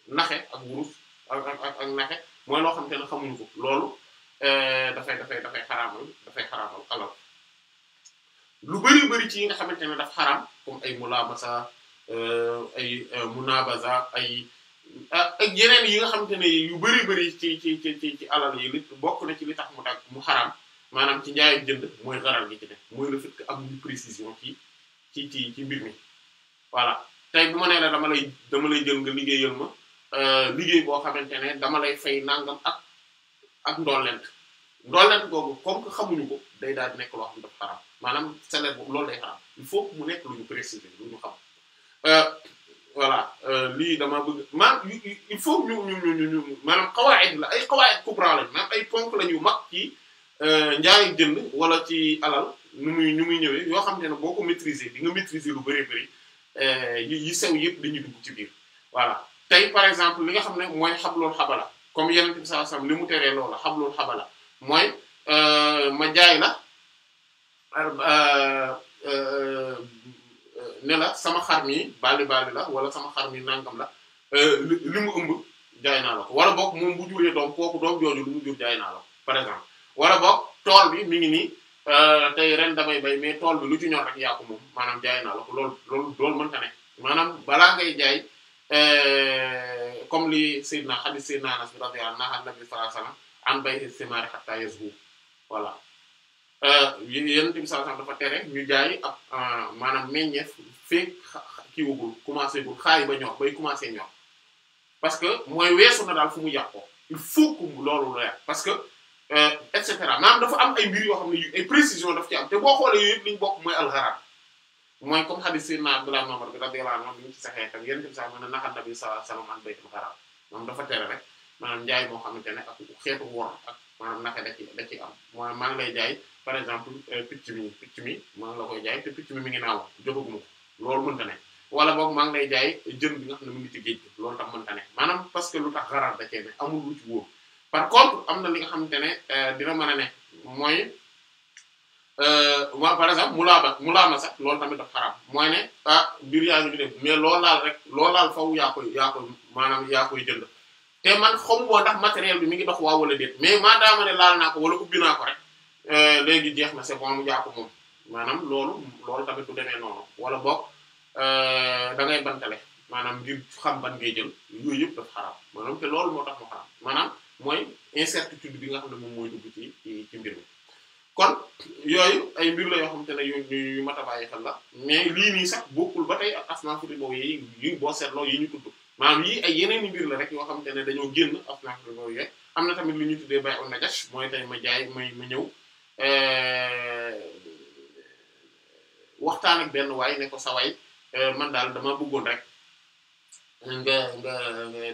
naxe ak wurus ak ak ak naxe mooy loo xam te ne xamuñu ko loolu euh, dafay dafay dafay xaraamal dafay xaraamal alal lu bari bari ci yi nga xamante ne daf xaraam comme ay mulaabasa euh, ay euh, munaabaza ay ak yeneen yi nga xamante ne yu bari bëri ci ci ci ci alal yi li bokk na ci li tax mu tax mu xaraam maanaam ci njaay jënd mooy xaral gi ci ne mooy le fait que am ñu précision ci ci ci ci mbir mi voilà tey bu ma nee la dama lay dama lay jël nga liggéeyal ma euh, liggéey boo xamante ne dama lay fay nangam ak ak ndollent dooleet kooku comme xamuñu ko day daal di nekk loo xam ne dafa xaram maanaam salaire boobu loolu day xaram il faut mu nekk lu ñu préciser lu ñu xam euh, voilà euh, lii dama bëgg ma il faut ñu ñu ñu maanaam xawaayit la ay xawaayit kubra lañ maanaam ay ponk la ñu mag ci euh, njaay jënd wala ci alal nu muy nu muy ñëwee yoo xam ne ne boo ko maîtriser di nga maîtriser lu bari bari yi sew yëpp dañuy dugg ci biir voilà tey par exemple li nga xam ne mooy xablool xabala comme yeneen bi sallallahu alayhi li mu teree loola xablool xabala mooy euh, ma jaay la euh, euh, ne la sama xar mi baali baali la wala sama xar mi nangam la li mu ëmb jaay naa la ko wala boog moom bu juree doom kooku doom jooju lu mu jur jaay naa la ko par exemple wala boog tool bi mi ngi nii tey ren damay bay mais tool bi lu ci ñor rek yaa moom maanaam jaay naa la ko loolu loolu loolu mënta ne maanaam balaa ngay jaay comme lii Seydina xadis Seydina Anas naa radiyallahu anhu Nabi an bay simaari voilà euh, yonent bi sallallahu alayhi wasallam dafa tere ñu jaay ab euh, maanaam meññeef feeg kii commencé gul xaay ba ñor bay commencé ñor parce que mooy weesu na daal fu mu yàqoo il faut que loolu leer parce que euh, et cetera maanaam dafa am ay mbir yoo xam ne yu ay précision daf ci am te boo xoolee yooyu yëpp li bokk mooy alxaraan mooy comme xadis Seydina Abdullah ibn Umar bi radiyallahu anhu bi ñu ci saxee tam dafa tere rek maanaam njaay moo xamante ne ak xeetu wor ak mooy maa ngi lay jaay par exemple euh, picc mi picc mi maa ngi la koy jaay te picc mi mi ngi naaw joxaguma ko loolu mënta ne wala boog maa ngi lay jaay jën bi xam ne mu ngi ci géej gi loolu tax mënta ne maanaam que lu tax xaraar da cee par am na li nga xamante ne euh, dina mën a mooy euh, wa par exemple mu laaba mu laama sax loolu tamit daf xaraam mooy ne ah mbir yaa mais loolaal rek loolaal faw yaa koy yaa koy maanaam yaa koy jënd te man xamu moo ndax matériel bi mi ngi dox waa wala déet mais maadaama ne laal naa ko wala ubbi naa ko rek euh, léegi jeex na c'est bon mu jaa ko moom maanaam loolu loolu tamit du demee noonu wala boog euh, da ngay bantale maanaam ngir xam ban ngay jël yooyu yëpp dafa xaraam loolu moo tax mu xaraam maanaam mooy incertitude bi nga xam ne moom mooy dugg kon yooyu ay mbir la yoo xamante yu yu a bàyyi xel la mais lii nii sax bokkul ba tey ak asnaafu ribaw yi yi boo seetloo yi ñu tudd maanaam yii ay yeneen i mbir la rek yoo xamante ne dañoo génn afnaaf de boobu yooyu na tamit lu ñu tuddee bay on najash mooy tey ma jaay may ma ñëw euh, waxtaan ak benn waay ne ko sa euh, man daal dama bëggoon rek nga nga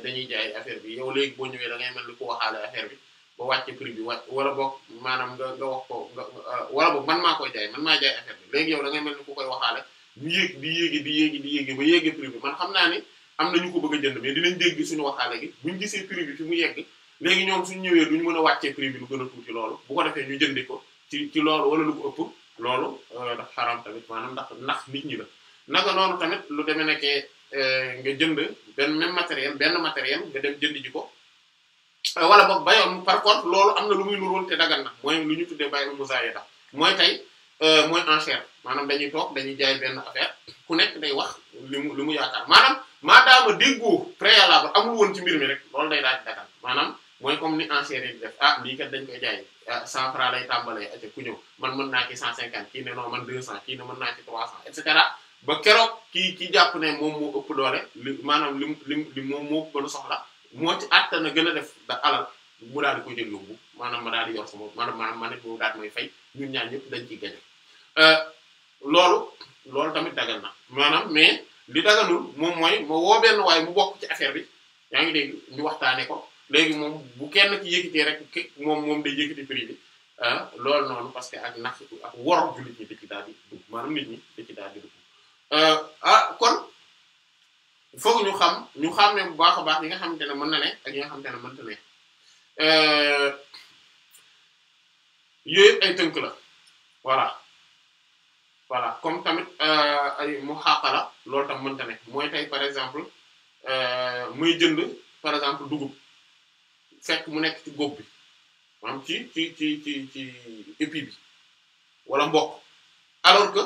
dañuy jaay affaire bi yow léegi boo ñëwee da mel ni ku waxaale affaire bi ba wàcce prix bi wa wala boog maanaam nga nga wax ko euh, wala boog man maa koy jaay man maa jaay affaire bi léegi yow da ngay mel ni ku koy waxaale di yéeg di yéegi di yéegi ba yéegi prix bi man xam naa ni am na ñu ko bëgg a jënd mais dinañ dégg suñu waxaale gi buñ gisee prix bi fi mu yegg léegi ñoom suñu ñëwee ñu mën a wàccee prix bi lu gën a tuuti loolu bu ko defee ñu jëndi ko ci ci loolu wala lu ko ëpp loolu euh, dafa xaram tamit maanaam ndax nax nit ñi la naka noonu tamit lu demee nekkee euh, nga jënd benn même matériel benn matériel nga dem jënd ji ko euh, wala boog bayoon par contre loolu am na lu muy nuróol te dagan na mooy lu ñu tuddee bayoon musaayada mooy tey Euh, mooy enchère maanaam dañuy toog dañuy jaay benn affaire ku nekk day wax li mu li mu yaakaar maanaam maadaama déggoo préalable amul woon ci mbir mi rek loolu day daal di dagal maanaam mooy comme ni enchère yi di def ah lii kat dañ koy jaay ah, cent francs lay tàmbalee aja ku ñëw man mën naa ci cent cinquante kii ne non man deux cent kii ne mën naa ci trois cent et cetera ba keroog kii ki jàpp ne moom moo ëpp doole li maanaam lim lim li moom moo gën a soxla moo ci àttan a gën a def da alal mu daal di ko jël yóbbu maanaam ma daal di yor sama maanaam maanaam ma ne mu daal may fay ñun ñaar ñëpp dañ ciy gañe Euh, loolu loolu tamit dagal na maanaam mais li daganul moom mooy ma woo benn waaye mu bokk ci affaire bi yaa ngi dégg ñu waxtaane ko léegi moom bu kenn ci yëkkatee rek moom moom day yëkkati prix bi euh, loolu noonu parce que ak nax ak wor jullit ñi da dugg maanaam nit ñi da dugg euh, ah kon foog ñu xam ñu xam ne bu baax a baax yi nga xamante ne mën na ne ak yi nga xamante ne mënta ne yooyu ay tënk la voilà voilà comme tamit euh, ay mu xaqala loolu tam mënta ne mooy tey par exemple euh, muy jënd par exemple dugub fekk mu nekk ci góob bi maanaam ci ci ci ci ci épi bi wala mboq alors que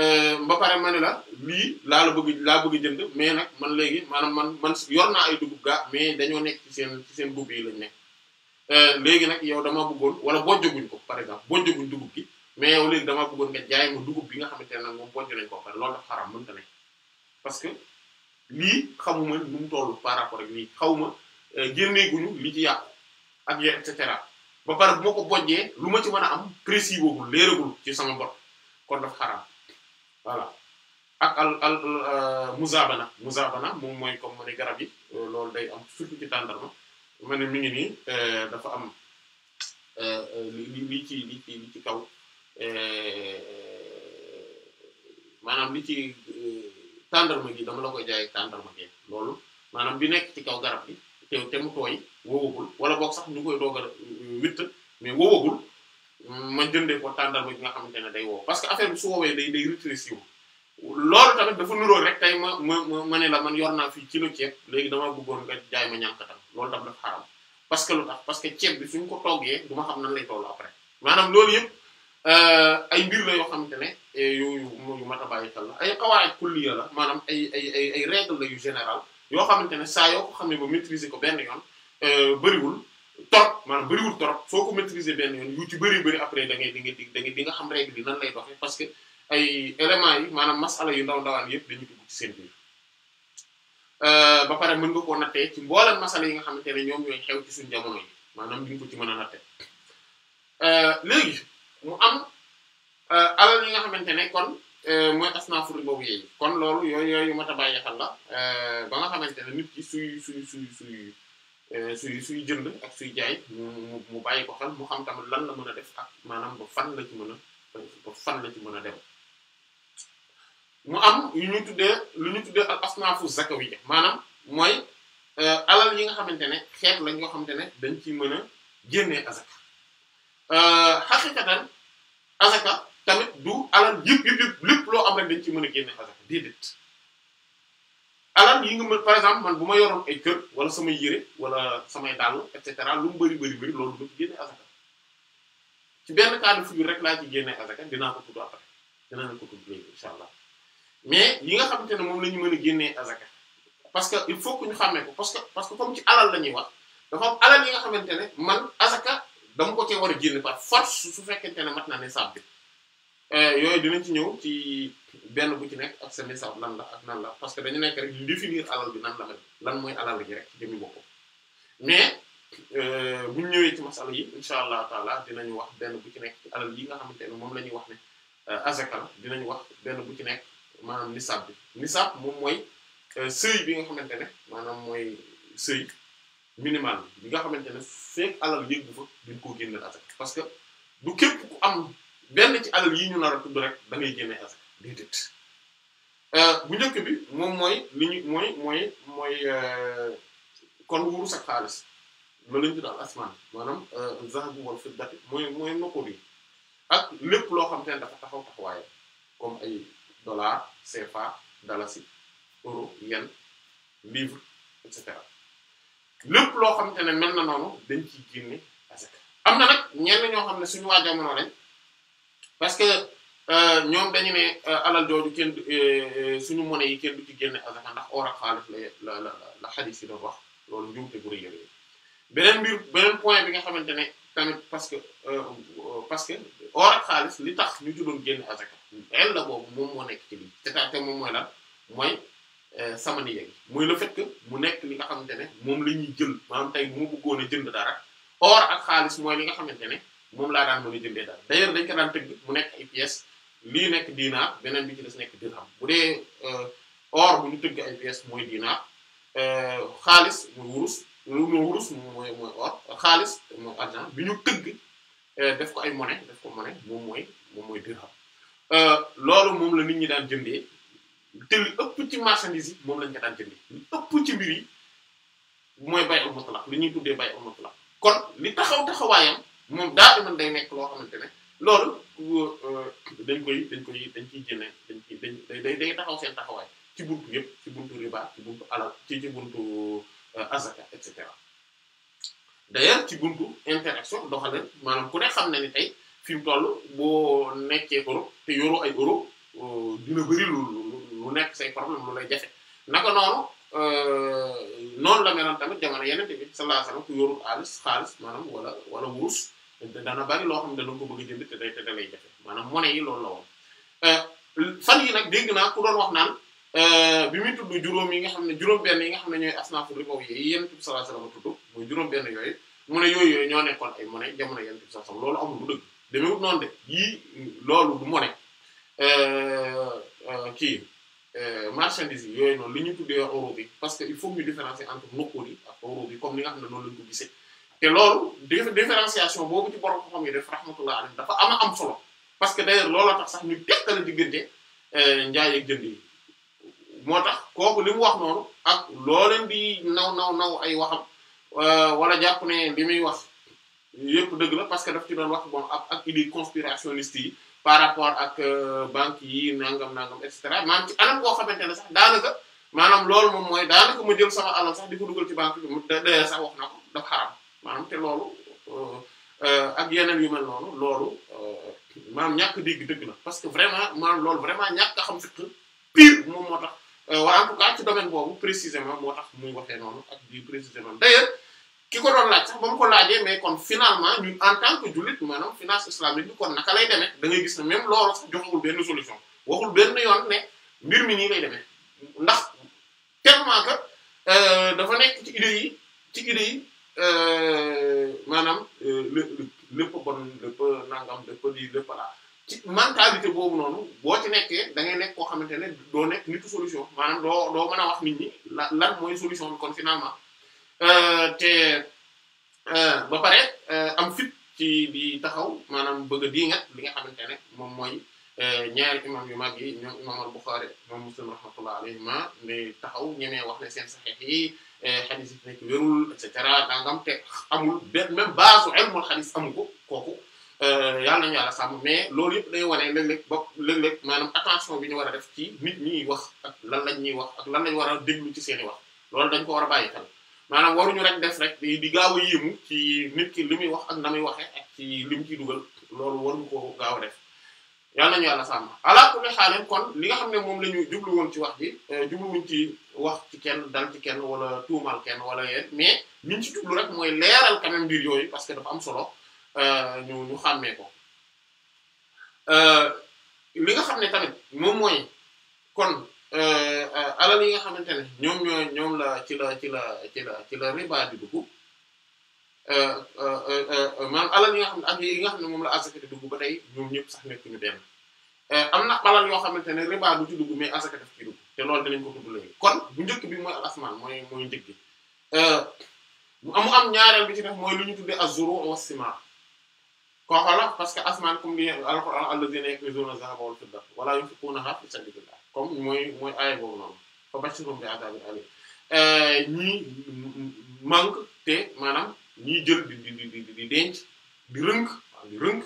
euh, ba pare ma ne la lii laa la bëgg laa bëgg jënd mais nag man léegi maanaam man man yor naa ay dugub gaa mais dañoo nekk ci seen ci seen góob yi lañ nekk léegi nag yow dama bëggoon wala boo bojjaguñ ko par exemple bojjaguñ dugub gi mais yow léegi damaa bëggoon nga jaay ma dugub bi nga xamante ne nag moom bojj nañ ko pare loolu dafa xaram mënta ne parce que lii xamuma nu mu toll par rapport ak lii xawma euh, génneeguñu li ci yàqu ak ya et cetera ba pare bu ma ko bojjee lu ma ci mën a am précis boogul léeragul ci sama bot kon dafa xaram voilà ak al al euh, muzabana moom mooy comme garab yi euh, loolu day am surtout ci tàndarma ma ne mi ngi nii dafa am li ci li ci li ci kaw Eh, maanaam li ci eh, tàndarma gi dama la koy jaay tàndarma gi loolu maanaam bi nekk ci kaw garab bi te te mu tooy wowagul wala boog sax ñu koy doog a witt mais wowagul ma jëndee ko tàndarma gi nga xam ne day wow parce que affaire bi su woowee day day rétrécir loolu tamit dafa nuróo rek tey ma ma ma ne la man yor naa fi ci lu ceeb léegi dama bëggoon nga jaay ma ñànkatam loolu tam dafa xaram parce que lu tax parce ceeb bi suñ ko toggee du xam nan lay tollu après maanaam loolu yëpp. Euh, ay mbir la yoo xamante ne yooyu yu mat a la ay qawaid kulliya la maanaam ay ay ay ay règle la yu général yoo xamante ne saa yoo ko xamee ba maîtriser ko benn yoon euh, bëriwul torop maanaam bëriwul torop soo ko maîtriser benn yoon yu ci bëri bëri après da ngay di nga nga xam règle yi nan lay doxee parce que ay éléments yi maanaam masala yu ndaw ndawaan yëpp dañu dugg seen biir euh, ba pare mën nga koo nattee ci mboolem masala yi nga xamante ne ñoom ñooy xew ci suñu jamono maanaam di mën a nattee léegi. mu am euh, alal yi nga xamante ne kon euh, mooy asnaaful boobu yooyu kon loolu yooyu yooyu mat a bàyyi xel la euh, ba nga xamante ne nit ki suy suy suy suy suy suy jënd ak suy jaay mu mu bàyyi ko xel mu xam tamit lan la mën a def ak maanaam ba fan la ci mën a ba fan la ci mën a dem. mu am yu ñu tuddee lu ñu tuddee al asnaafu zakawiyya maanaam mooy alal yi nga xamante ne xeet lañ koo xamante ne dañ ci mën a génnee azaka xaqiqatan eh, azaka tamit du alam yëpp yëpp yëpp lépp loo am rek dañ ci mën a azaka déedéet alal yi nga par exemple man bu ma ay kër wala samay yére wala samay dàll et cetera lu mu bari bari bari loolu du génne azaka ci benn cas de rek ci azaka dinaa ko après dinaa ko tudd léegi incha allah mais yi nga xamante ne moom la ñu mën a génnee azaka parce que il faut que ñu xàmmee ko parce que parce que comme ci alal wax dafa alal yi nga man azaka dama ko cee war a génne par force su fekkente ne mat na nisaab bi eh, yooyu dinañ ci ñëw ci benn bu ci nekk ak sa nisaab lan la ak nan la parce que dañu nekk rek ñu définir alal bi nan la mel lan mooy alal ji rek ci jëmmi boppam mais euh, buñ ñëwee ci masala yi incha allah taala dinañu wax benn bu ci nekk ci alal yi nga xamante ne moom la ñuy wax ne euh, azaka la wax benn bu ci nekk maanaam nisaab bi nisaab moom mooy euh, seuil bi nga xamante ne maanaam mooy seuil minimal bi nga xamante ne. feek alal yëg bu fa duñ koo génneel asaka parce que du képp ku am benn ci alal yi ñu nar a tudd rek da ngay génne asaka déedéet euh, bu njëkk bi moom mooy li ñu mooy mooy euh, kon wurus ak xaalis loolu lañ tudd al asmaan maanaam euh, zahabu wal fiddati mooy mooy nokkul yi ak lépp loo xam te ne dafa taxaw taxawaaye comme ay dollar CFA dalasi euro yen livre et lépp loo xamante ne mel na noonu dañ ciy génne asaka am na nag ñenn ñoo xam ne suñu waa jamono lañ parce que ñoom dañu ne alal jooju kenn suñu monnaie yi kenn du ci génne asaka ndax or ak xaalis la la la xadis yi doon wax loolu njuumte bu rëy rëy beneen mbir beneen point bi nga xamante ne tamit parce que parce que or ak xaalis li tax ñu tuddoon génne asaka el la boobu moom moo nekk ci lii te moom mooy lan mooy Euh, samaniya gi muy le fait mu nekk li nga xamante ne moom la ñuy jël maanaam tey moo bëggoon a jënd dara or ak xaalis mooy li nga xamante ne moom laa daan mën jëndee dañ ko daan tëgg nekk ay pièces lii nekk diinaar beneen bi nekk bu dee euh, or bu ñu tëgg ay pièces mooy diinaar euh, xaalis muy wurus mu wurus mooy mooy or xaalis mooy argent bi ñu tëgg def ko ay monnaie def ko monnaie moom mooy moom loolu moom la nit ñi daan jëndee. te li ëpp ci marchandise yi moom lañ ko daan jëndee li ëpp ci mbir yi mooy bay al mutlaq li ñuy tuddee bay al mutlaq kon li taxaw taxawaayam moom daa iman day nekk loo xamante ne loolu euh, dañ koy dañ koy dañ ciy jëne dañ ciy dañ day day taxaw seen taxawaay ci buntu yëpp ci buntu riba ci buntu alal ci ci buntu euh, azaka et cetera d'ailleurs ci buntu interaction doxalin maanaam ku ne xam na ni tey fim mu bo boo nekkee euro te yoro ay euro euh, dina bari loolu mu nekk say problème mu lay jafe naka noonu euh, la meloon tamit jamono yeneen bi sallallahu alayhi wasallam ku yorul xaalis xaalis maanaam wala wala wurus dana bari loo xam ne dana ko bëgg jënd te day yi loolu la woon euh, fan yi naa ku doon wax naan euh, bi muy tudd juróom yi nga xam ne juróom-benn yi nga xam ne ñooy asnaafu ribaw yi bi sallallahu juróom-benn yooyu mu ne ñoo nekkoon ay monnaie jamono yonent bi sallallahu alayhi wasallam loolu amul bu dëgg demewut noonu de yii loolu du monnaie kii Euh, marchandises yi yooyu noonu li ñu tuddee euro parce que il faut ñu différencier entre nuqul yi ak euro bi comme ni nga xam ne noonu te loolu différenciation boobu ci borom xam yi def rahmatullah alayhi dafa ama am solo parce que d'ailleurs looloo tax sax ñu tekkale diggante euh, njaay ak jënd yi moo tax kooku li mu wax noonu ak loo leen naw naw naw ay waxam euh, wala jàpp ne li muy wax ñu yëpp dëgg la parce que daf ci doon wax bon ak ak idée conspirationniste yi par rapport ak euh, banque yi nangam nangam et cetera maanaam ci anam koo xamante ne sax daanaka maanaam loolu moom mooy daanaka ma jël sama alal sax di ko dugal ci banque bi mu da sax wax na ko dafa xaram maanaam te loolu euh, euh, ak yeneen yu ma noonu loolu maanaam ñàkk dégg dëgg na parce que vraiment maanaam loolu vraiment ñàkk a xam fiq pire moom moo tax waaye en tout cas ci domaine boobu précisément moo tax muy waxee noonu ak di précisément d'ailleurs ki ko doon laaj sax ba mu ko laajee mais kon finalement ñun en tant que jullit maanaam finance islamique bi kon naka lay demee da ngay gis ne même loolu sax joxewul benn solution waxul benn yoon ne mbir mi nii lay demee ndax tellement que euh, dafa nekk ci idées yi ci idées yi euh, maanaam euh, lépp bon lépp nangam lépp lii lépp laa ci mentalité boobu noonu boo ci nekkee da ngay nekk koo xamante ne doo nekk nitu solution maanaam doo mën a wax nit ñi lan mooy solution kon finalement Euh, te euh, ba pare euh, am fit ci di taxaw maanaam bëgg a diingat li nga xamante rek moom mooy ñaari imam yu mag yi ñoom imam al-Bukhari imam Muslim rahmatullah alayhima ne taxaw ñemee wax ne seen saxiix yi xadis yi nekk wérul et cetera dangam te amul benn même su ilmul xadis amu ko kooku yàlla nañu yàlla sàmm mais loolu yëpp day wane léeg-léeg bopp léeg-léeg maanaam attention bi ñu war a def ci nit ñi wax ak lan lañ ñuy wax ak lan lañ war a déglu ci seen wax loolu dañ ko war a bàyyi xel maanaam waruñu rek def rek di gaaw a yéemu ci nit ki li muy wax ak na muy waxee ak ci li mu ciy dugal loolu war waruñu ko gaaw a def yal nañu yàlla sàmm ala kulli xaalim kon li nga xam ne moom la ñu jublu woon ci wax ji eh, jubluwuñ ci wax ci kenn dal ci kenn wala tuumal kenn wala yeen mais liñ ci jublu rek mooy leeral quand même mbir yooyu parce que dafa am solo eh, ñu ñu ko eh, li nga xam ne moom mooy kon Euh, euh, alal yi nga xamante ne ñoom ñoom la ci la ci la ci la ci la riba di dugg euh, maanaam alal yi nga xam ne ak yi nga xam ne moom la asaka di dugg ba tey ñoom ñëpp sax nekk ñu dem am na alal yoo xamante ne riba du ci dugg mais asaka daf ci dugg te loolu dinañ ko tudd léegi kon bu njëkk bi mooy al asmaan mooy mooy mu am am ñaareel bi ci def mooy lu ñu tuddee az-zuru wa as-simaa koo xala parce que asmaan comme li alquran wala yunfiqunaha fi sabilillah comme mooy mooy aaya boobu noonu fa bashirum bi adabin alim euh, ñii manque te maanaam ñii jël di di di di denc di rënk waaw di rënk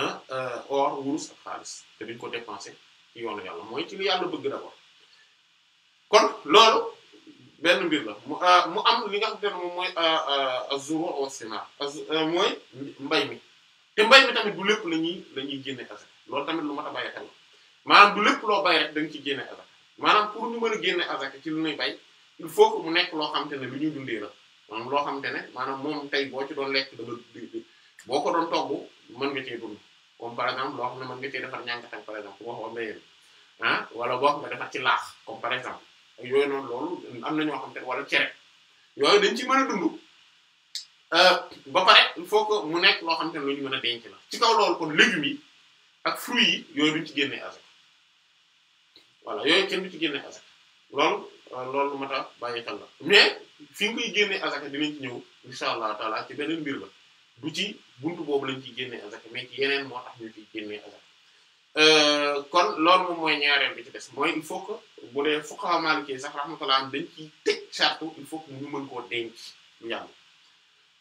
ah, euh, or wurus xaalis te duñ ko dépenser yoonu yàlla mooy ci li yàlla bëgg d'abord kon loolu benn mbir la mu euh, mu am li nga xamante ne moom mooy az-zuru wa mbay mi te mbay mi tamit du lépp la ñuy la ñuy génne asaka loolu tamit lu mat a bàyyi xel maanaam du lépp loo bay rek da ci génne azaka maanaam pour ñu mën a génne azaka ci lu ñuy bay il faut que mu nekk loo xamante ne lu ñuy dundee la maanaam loo xamante ne maanaam moom tey boo ci lekk danga boo ko doon togg mën nga cee dund comme par loo xam ne mën nga cee defar ñàngatang par exemple boo ko mbayee ah, wala boo xam ci laax comme par exemple yooyu noonu am na ñoo xamante ne wala cere yooyu dañ ci mën a dund euh, ba mu nekk loo xamante ne lu ñu mën a denc la ci kaw loolu kon légumes yi ak fruits yi yooyu duñ ci génnee azaka voilà yooyu kenn du ci génne asaka loolu loolu mat a bàyyi xel la mais fi nga koy génne asaka dinañ ci ñëw insha allah taala ci beneen mbir la du ci bunt boobu lañ ciy génne asaka mais ci yeneen moo tax ñu ciy génne asaka euh, kon loolu moom mooy ñaareel bi ci des mooy il faut que bu dee fuqaha maliki sax rahmatullah am dañ ciy teg charte il faut que ñu mën koo denc njàng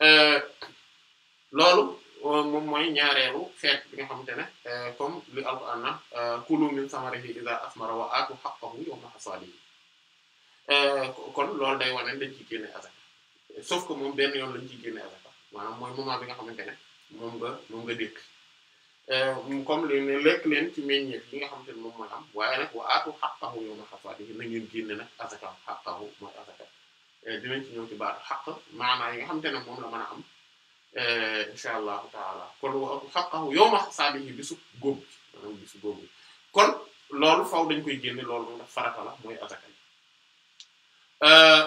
euh, loolu Euh, moom mooy ñaareelu xeet bi nga xamante ne euh, comme li alquran na euh, kulu min samarihi iza asmara wa aatu haqqahu yawma hasadihi kon loolu day wane dañ ciy génne azaka sauf que moom benn yoon lañ ciy génne azaka maanaam mooy moment bi nga xamante ne moom nga moom nga dékk comme li ne lekk leen ci meññeef yi nga xamante ne moom mooy am waaye nag wa aatu haqqahu yawma hasadihi na ngeen génne nag azaka haqqahu mooy di dinañ ci ñëw ci baatu xaq maanaam yi nga xamante ne moom la mën am Eh, incha allahu taala kon wa xaqahu yawma xasaabihi bisu góob bi maanaam bisu góob kon loolu faw dañ koy génne loolu moom dafa la mooy azaka yi eh,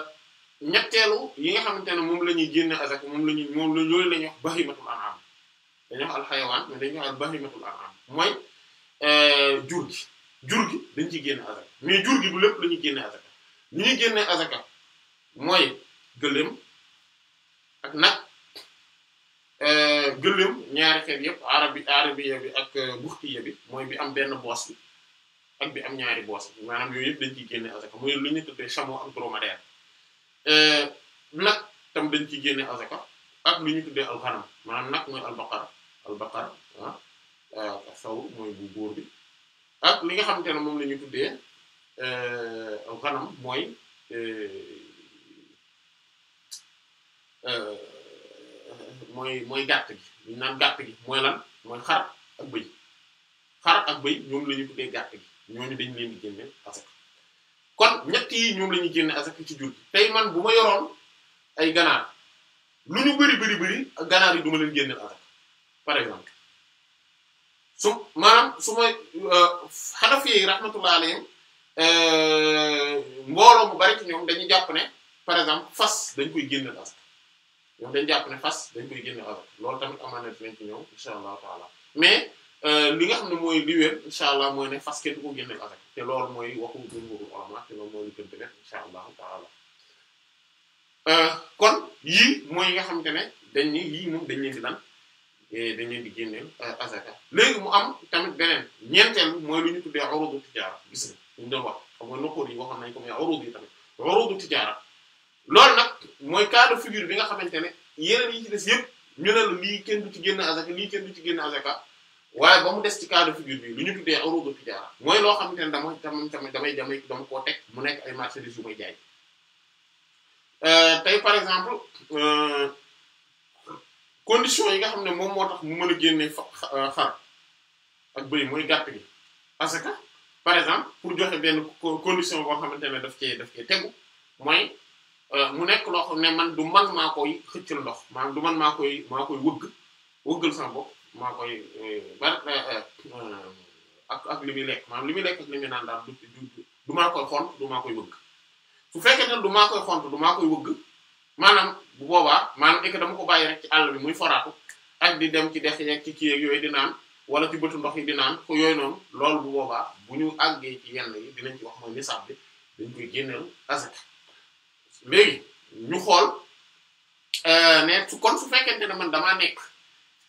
ñetteelu yi nga xamante ne moom la ñuy génne azaka moom la ñuy moom la loolu la ñuy wax bahimatul an'am dañuy wax alxayawaan mais dañuy wax bahimatul an'am eh, jur gi jur gi dañ ciy génne azaka mais jur gi du lépp la ñuy génne azaka li ñuy génne azaka mooy gëléem ak nag Euh, gëléem ñaari xeet yëpp arabi arabiya bi ak euh, buxtiya bi mooy bi am benn boos bi ak bi am ñaari boos bi maanaam yooyu yëpp dañ ciy génne azaka mooy lu ñu tuddee chameau ak dromadaire euh, nag tam lu ñu tuddee alxanam maanaam nag mooy albaqara albaqara ah mooy bu góor bi ak li nga xamante ne moom la ñu tuddee alxanam mooy mooy mooy gàtt gi ñu naan gàtt gi mooy lan mooy xar ak bëy xar ak bëy ñoom la ñu gàtt gi ñooñu dañ leen di génne asaka kon ñett yi ñoom la ñuy génne ci jur man bu ma yoroon ay ganaar lu ñu bëri bëri ak ganaar yi du ma leen génneel asaka par exemple su maanaam su ma xanafi euh, yi rahmatullah alayhim euh, mbooloo bari ñoom dañuy jàpp ne par exemple fas dañ koy génneel asaka ñoom dañ jàpp ne fas dañ koy génne azak loolu tamit amaana dinañ ci ñëw incha allahu taala mais euh, li nga xam ne mooy li wér incha allah mooy ne fas kenn du ko génneel azak te loolu mooy waxu jumhuurul ulamaa te loolu mooy lu euh, nga xamante ne dañ ni moom dañ leen di lan eh, euh, mu am tamit beneen mooy lu ñu tuddee urudu tijaara gis nga ñu doon xam nga noxoor yi waxoon nañ ko mais urudu tijaara loolu nag mooy cas de figure bi nga xamante ne yeneen yi ci des yëpp ñu ne la lii kenn du ci génn azaka lii kenn du ci génn azaka waaye ba mu des ci cas de figure bi lu ñu tuddee uruudu tijaara mooy loo xamante ne dama tam tamit damay damay dama koo teg mu nekk ay marchandises yu may jaay euh, tey par exemple euh, condition yi nga xam ne moom moo tax mu mën a génne euh, xar ak bëy mooy gàtt gi parce que par exemple pour joxe benn condition boo xamante ne daf cee daf cee te Euh, mu nekk loo xam ne man du man maa koy xëccal ndox maanaam du man maa koy maa koy wëgg wëggal sama bopp maa koy euh, ba euh, ak ak li muy lekk maanaam li muy lekk ak naan daal du du maa koy xont du maa koy wëgg su fekkee du maa koy du maa wëgg maanaam bu boobaa maanaam ek dama ko bàyyi rek ci àll bi muy foraatu ak di dem ci def yeeg ci kii yeeg yooyu di naan wala ci bëtu ndox yi di naan ko yooyu noonu lool bu boobaa bu ñu àggee ci yenn yi dinañ ci wax mooy nisaab bi dañ koy génneel asaka léegi ñu xool ne euh, su kon su fekkente ne man damaa nekk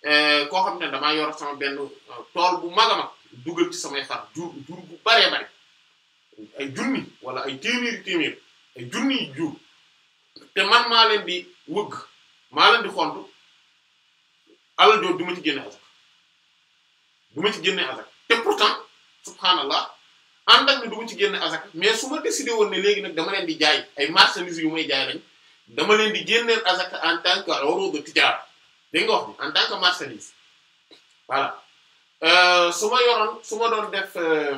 euh, koo xam ne damaa yor sama benn euh, tool bu mag a mag dugal ci samay xar jur jur bu baree bare ay junni wala ay téeméeri téeméer ay junni yi jur te man maa leen di wëgg maa leen di xontu alal jooju du ma ci génne azak du ma ci génne azak te pourtant subhanallah ànd ak ni du ma ci génn azaka mais su ma décidé woon ne léegi nag dama leen di jaay ay marchandises yu may jaay lañ dama leen di génneel azaka en tant que urudu tijaara dégg nga wax bi en tant que marchandise voilà euh, su yoroon su doon def euh,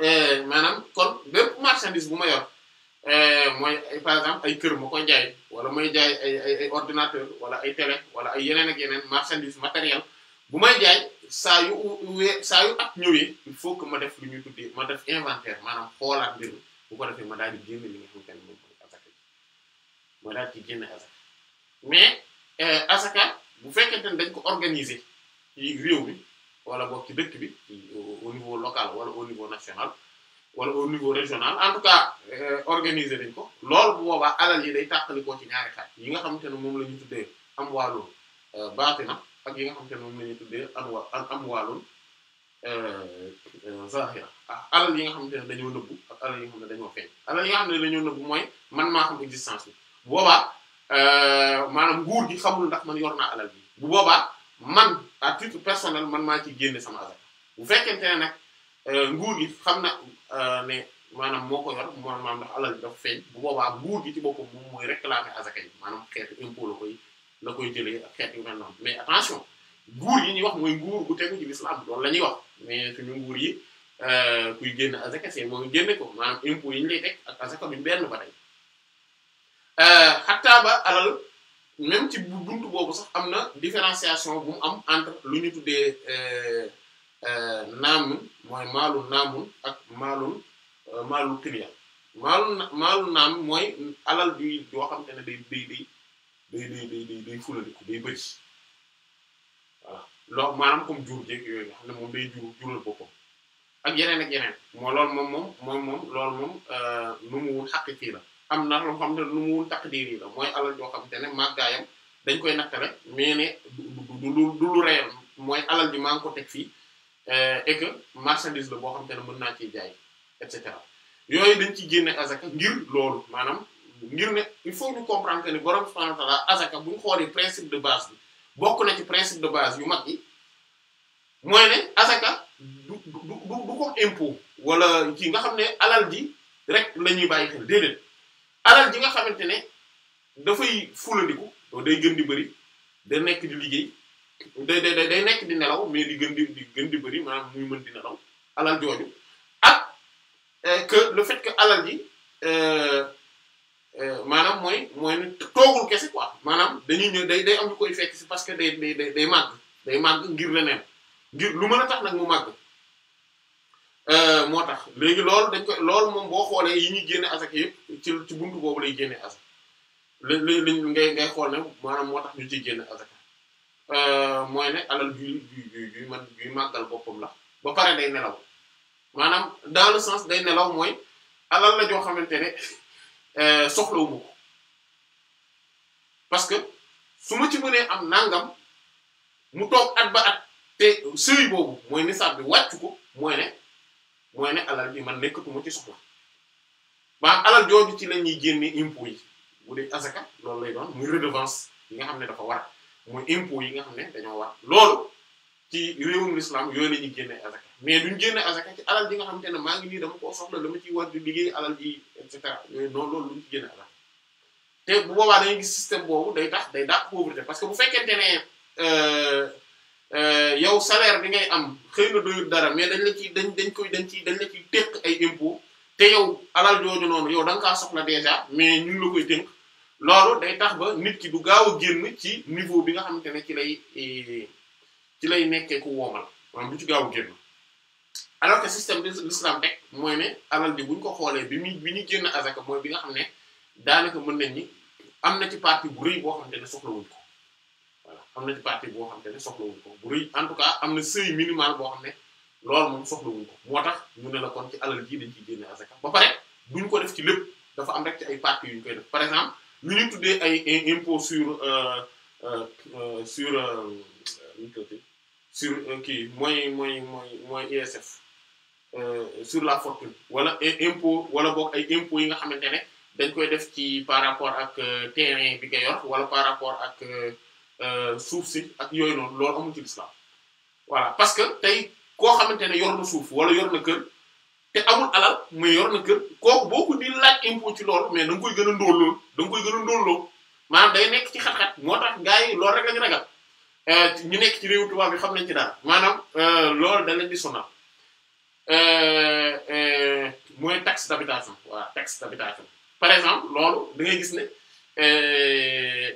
euh, maanaam kon bépp marchandise bu ma yor mooy par exemple ay kër ma koy jaay wala moy jaay ay ay ordinateur wala ay télé wala ay yeneen ak yeneen marchandise matériel bu may jaay saa yu wee saa yu at ñëwee il faut que ma def lu ñuy tuddee ma def inventaire maanaam xoolaat mbir bu ma daal di génne li nga xamante ne moom mooy asaka ma daal di euh, bu fekkente ne dañ ko organiser ci réew mi wala boog ci dëkk bi au niveau wala au niveau national wala au niveau régional en tout cas euh, organiser ko loolu bu boobaa alal yi day tàqali koo yi nga xamante ne moom la ñu tuddee am wàllu euh, na ak yi nga xamante ne moom la ñuy tuddee anwa amwaalun euh, euh, zahira alal yi nga xamante ne dañoo nëbbu ak alal yi nga xam ne dañoo feeñ mooy man maa xam existence bi bu boobaa euh, maanaam nguur gi xamul ndax man yor naa alal bi bu boobaa man à titre personnel man maa ci génne sama alal bu fekkente ne nag nguur gi xam na ne maanaam moo ko yor maanaam ndax alal bi dafa feeñ bu boobaa nguur gi ci boppam moom mooy réclamer azaka yi maanaam xeetu impôt koy la koy jëlee ak xeet yu mel noonu mais attention nguur yi ñuy wax mooy nguur bu tegu ci lislaam loolu lañuy wax mais suñu nguur yi euh, kuy génn azaka seen moom génne ko maanaam impôt yi ñu lay teg ak azaka duñ benn ba tey xattaa euh, alal même ci buntu boobu sax am na différenciation bu am entre lu ñu tuddee euh, naamun mooy maalul naamun ak maalul maalul kiriya maalul maalul naam mooy alal bi yoo xam te ne day day day day day day day day day bëri voilà loo maanaam comme jur jéeg yooyu nga xam ne moom day jur jural boppam ak yeneen ak yeneen moo lool moom moom moom moom moom euh, nu mu wul fii am na xam ne nu mu wul taqdir yi mooy alal joo xam te ne màggaayam dañ koy nattale mais ne du mooy alal bi maa teg fii euh, et que marchandise la boo xam te ne mën naa ciy jaay et cetera yooyu dañ ci génne azaka ngir loolu maanaam ngir ne il faut ñu comprendre que ni borom subhanahu wa bu ñu xoolee principe de base bi bokk na ci principe de base yu mag yi mooy ne azaka du du du du comme wala kii nga xam ne alal ji rek la ñuy bàyyi xel déedéet alal ji nga xamante ne dafay fulandiku day gën di bëri day nekk di liggéey day day nekk di nelaw mais di gën di gën di bëri maanaam muy mën di nelaw alal jooju ak euh, que le fait que alal ji. Euh, Euh, maanaam mooy mooy ne toogul kese quoi maanaam dañuy ñëw day day am lu koy fekk parce que day day day màgg day màgg ngir leneen ngir lu mën a tax nag mu màgg euh, moo tax léegi lool dañ koy lool moom boo xoolee yi ñuy génne asak yëpp ci ci buntu boobu lay génne asak li li li ngay ngay xool ne maanaam moo tax ñu ciy génne asak euh, mooy ne alal bi bi bi man bi màggal boppam la ba pare day nelaw maanaam dans le sens day nelaw mooy alal la joo xamante ne. Euh, soxlawu bu parce que su ma ci mënee am nangam mu toog at ba at te sëy boobu mooy nisaab bi wàccu ko mooy ne mooy ne alal bi man nekkatuma ci soxla maanaam alal jooju ci la ñuy génne impôts yi bu dee asaka loolu lay doon muy redevance yi nga xam ne dafa war muy impôts yi nga xam ne dañoo war loolu. ci réewum l'islam yooyu la ñuy génne azaka mais duñ génne azaka ci alal ji nga xam xamante ne maa ngi nii dama koo soxla dama ciy war di liggéey alal ji et cetera yooyu dañuy gis système day tax day dàq pauvreté parce que bu fekkente ne euh, euh, yow salaire bi ngay am xëy na dara mais dañ la ciy dañ dañ koy dañ ciy dañ la ciy tekk ay te yow alal jooju noonu yow da nga kaa soxla mais ñu ngi tënk loolu day tax ba nit ki du gaaw a génn ci niveau bi nga xamante ne ci lay. Eh, ci lay nekkee ku woomal maanaam du ci gaaw génn alors que système bi l'islam teg mooy ne alal bi buñ ko xoolee bi muy bi ñu génn azaka mooy bi nga xam ne daanaka mën nañ ni am na ci partie bu rëy boo xamante ne soxlawuñ ko voilà am na ci partie boo xamante ne ko bu rëy en tout cas am na seuil minimal boo xam ne loolu moom soxlawuñ ko moo tax ñu ne la kon ci alal jii dañ ci génne azaka ba pare buñ ko def ci lépp dafa am rek ci ay parties yu ñu koy def par exemple ñu ñu tuddee ay impôt sur euh, euh, euh, sur sur kii mooy mooy mooy mooy ISF euh, sur la fortune wala impôt wala boog ay impôt yi nga xamante ne dañ koy def ci par rapport ak euh, terrain bi nga yor wala par rapport ak euh, suuf si ak yooyu noonu loolu amul ci l'islam voilà parce que tey koo xamante ne yor suuf wala yor na kër te amul alal mais yor na kër kooku boo ko di laaj ci loolu mais da nga koy gën a ndóolloo da nga gën a ndóolloo maanaam day nekk ci xat-xat moo tax gars lool loolu rek lañu ragal Euh, ñu nekk ci réew tubaab bi xam nañ ci daal maanaam euh, loolu da leen na sonal euh, mooy taxe d'habitation voilà taxe d'habitation par exemple loolu da gis ne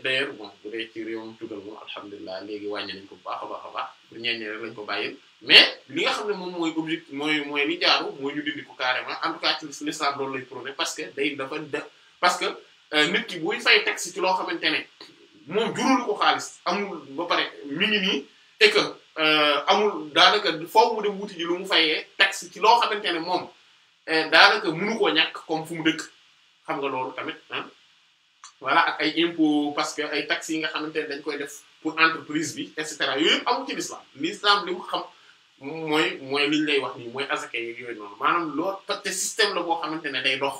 d'ailleurs bon bu dee ci réewum tugal moom alhamdulilah léegi wàññi nañ ko bu baax a baax a baax pour ñeeñee rek lañ ko bàyyil mais li nga xam ne moom mooy objectif mooy mooy li jaaru mooy ñu dindi ko carrément en tout cas ci l'islam loolu lay prôné parce que day dafa da parce que nit ki buy fay taxe ci loo xamante ne moom juralu ko xaalis amul ba pare mi ngi nii et que euh, amul daanaka foofu mu dem wuti lu mu fayee taxe ci loo xamante ne moom euh, daanaka munu koo ñàkk comme fu mu dëkk xam nga loolu tamit ah voilà ak ay impôts parce que ay taxes yi nga xamante ne dañ koy def pour entreprise bi et cetera yooyu yëpp amul ci l'islam l'islam li mu xam mooy mooy liñ lay wax nii mooy azaka yi yooyu maanaam loolu parce que système la boo xamante ne day dox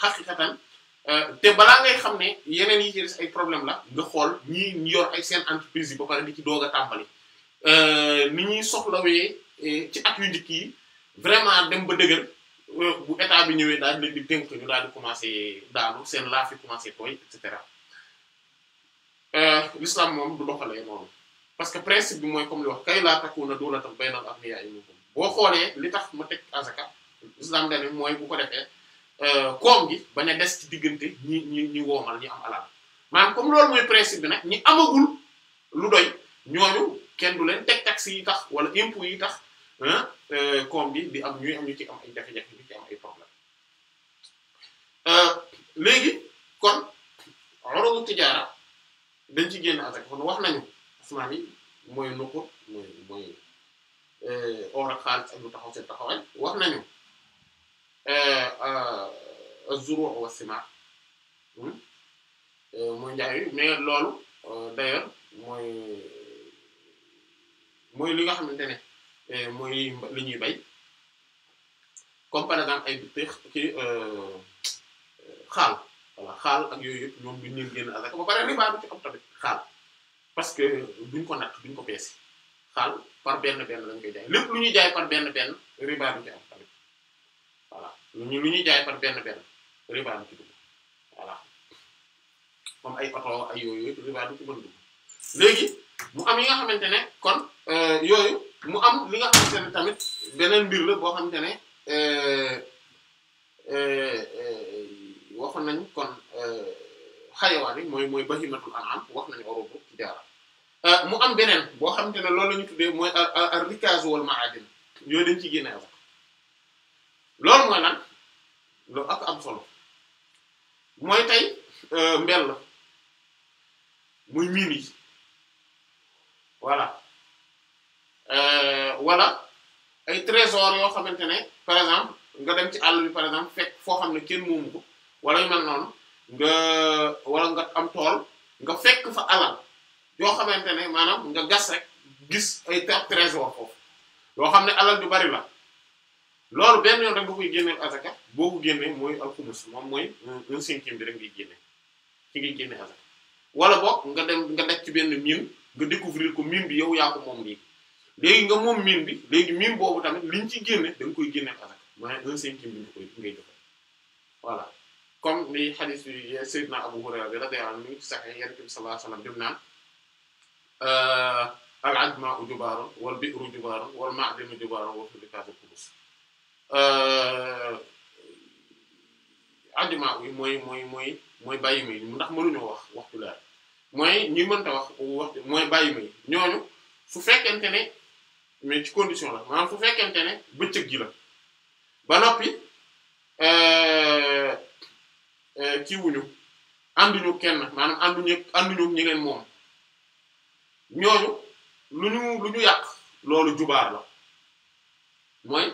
xaqiqatan euh, Euh, te balaa ngay xam ne yeneen yi ci des ay problème la nga xool ñi yor ay seen entreprise yi ba pare di ci doog a tàmbali euh, ni ñuy soxlawee eh, ci at yu njëkk yi vraiment dem ba dëgër euh, bu état bi ñëwee daal di dénk ñu daal di commencer daanu seen laaf yi commencer tooy et cetera l'islam moom du doxalee noonu parce que principe bi mooy comme li wax kay laa takkuuna dawlatun baynal aghniyaa minkum boo xoolee li tax ma teg azaka islam dane mooy bu ko defee Euh, koom gi bañ a des ci diggante ñi ñi ñi woomal ñi am alal maanaam comme loolu mooy principe bi nag ñi amagul lu doy ñooñu kenn du leen teg taxes yi tax wala impôts yi tax euh, koom gi di am ñuy am ñu ci am ay jafe-jafe ñu ci am ay problème euh, léegi kon oromu tijaara dañ ci génn asak kon wax nañu asmaan yi mooy nuqut mooy mooy or ak xaalis ak lu taxaw seen taxawaay wax nañu Euh, euh, az-zuru' wa as-sima' hmm? euh, mooy njaay mais loolu d'ailleurs mooy mooy li nga xamante ne mooy li ñuy bay comme par exemple ay bitix ki xaal voilà xaal ak yooyu yëpp ñoom duñ leen a asaka ba pare riba du ci am tamit xaal parce que duñ ko natt duñ ko peese xaal par benn benn lañ koy jaay lu ñuy jaay par benn benn riba ci am ñu lu ñuy jaay par benn benn riba du ci dugg voilà comme ay oto ay yooyu riba du ci mën léegi mu am yi nga xamante ne kon euh, yooyu mu am li nga xamante ne tamit beneen mbir la boo xamante ne euh, euh, waxoon nañ kon xayawaan yi mooy mooy bahimatul an'am wax nañu orobu ci jaara mu am beneen boo xamante ne loolu la tuddee mooy ar rikaazu wal ma'adin yooyu dañ ci génne loolu mooy lan dafa ak am solo mooy tey euh, mbel la muy miim yi voilà euh, wala ay trésor yoo xamante ne par exemple nga dem ci àll bi par exemple fekk foo xam ne kenn moomu ko wala yu mel noonu nga wala nga am tool nga fekk fa alal yoo xamante ne maanaam nga gas rek gis ay trésor foofu yoo xam ne alal du bari la loolu benn yoon rek nga koy génneel azaka boo ko génnee mooy alxumus moom mooy un cinquième bi rek ngay génne ci ngay génne azaka wala boog nga dem nga def ci benn mine nga découvrir ko mine bi yow yaa ko moom léegi nga moom mine bi léegi mine boobu tamit liñ ci génne da koy génneel azaka mooy un cinquième bi nga koy ngay joxe voilà comme li hadith bi eh, Seydina Abu Hurayra bi radiyallahu anhu ni ci saxee Yonent bi sallallahu alayhi wasallam dem naan euh, al ajma'u jubaarun wal bi'ru jubaarun wal wa fil kaasu Euh, ajuma bi mooy mooy mooy mooy bàyyi may ndax mënuñoo wax waxtu leer mooy ñi mënta wax waxtu mooy bàyyi may ñooñu su fekkente ne mais ci condition la maanaam su fekkente ne bëccëg gi la ba noppi euh, euh, kii wuñu ànduñu kenn maanaam ànduñu ànduñu ñi leen moom ñooñu lu ñu lu ñu yàq loolu jubaar la mooy.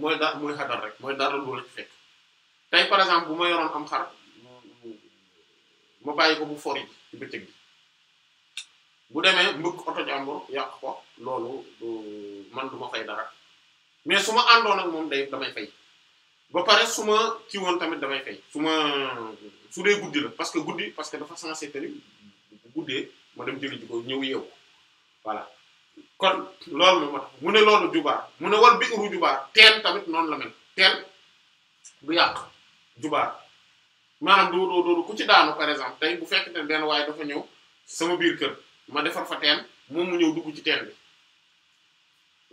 mooy da mooy xadar rek mooy dara lu la ci fekk tey par exemple bu ma yoroon am xar ma bàyyi ko bu fori ji ci bu demee mbëkk oto jàmbur yàq ko loolu man du ma fay dara mais su ma àndoon ak moom day damay fay ba pare su ma kii woon tamit damay fay su ma su dee guddi la parce que guddi parce que dafa censé tëri bu guddee ma dem jëli ji ñëw yeewu voilà kon loolu moo tax mu ne loolu jubaar mu ne wal biiru jubaar teen tamit noonu la mel teel du yàq jubaar maanaam du du du ku ci daanu par exemple tey bu fekk ne benn waaye dafa ñëw sama biir kër ma defar fa teen moom mu ñëw dugg ci teen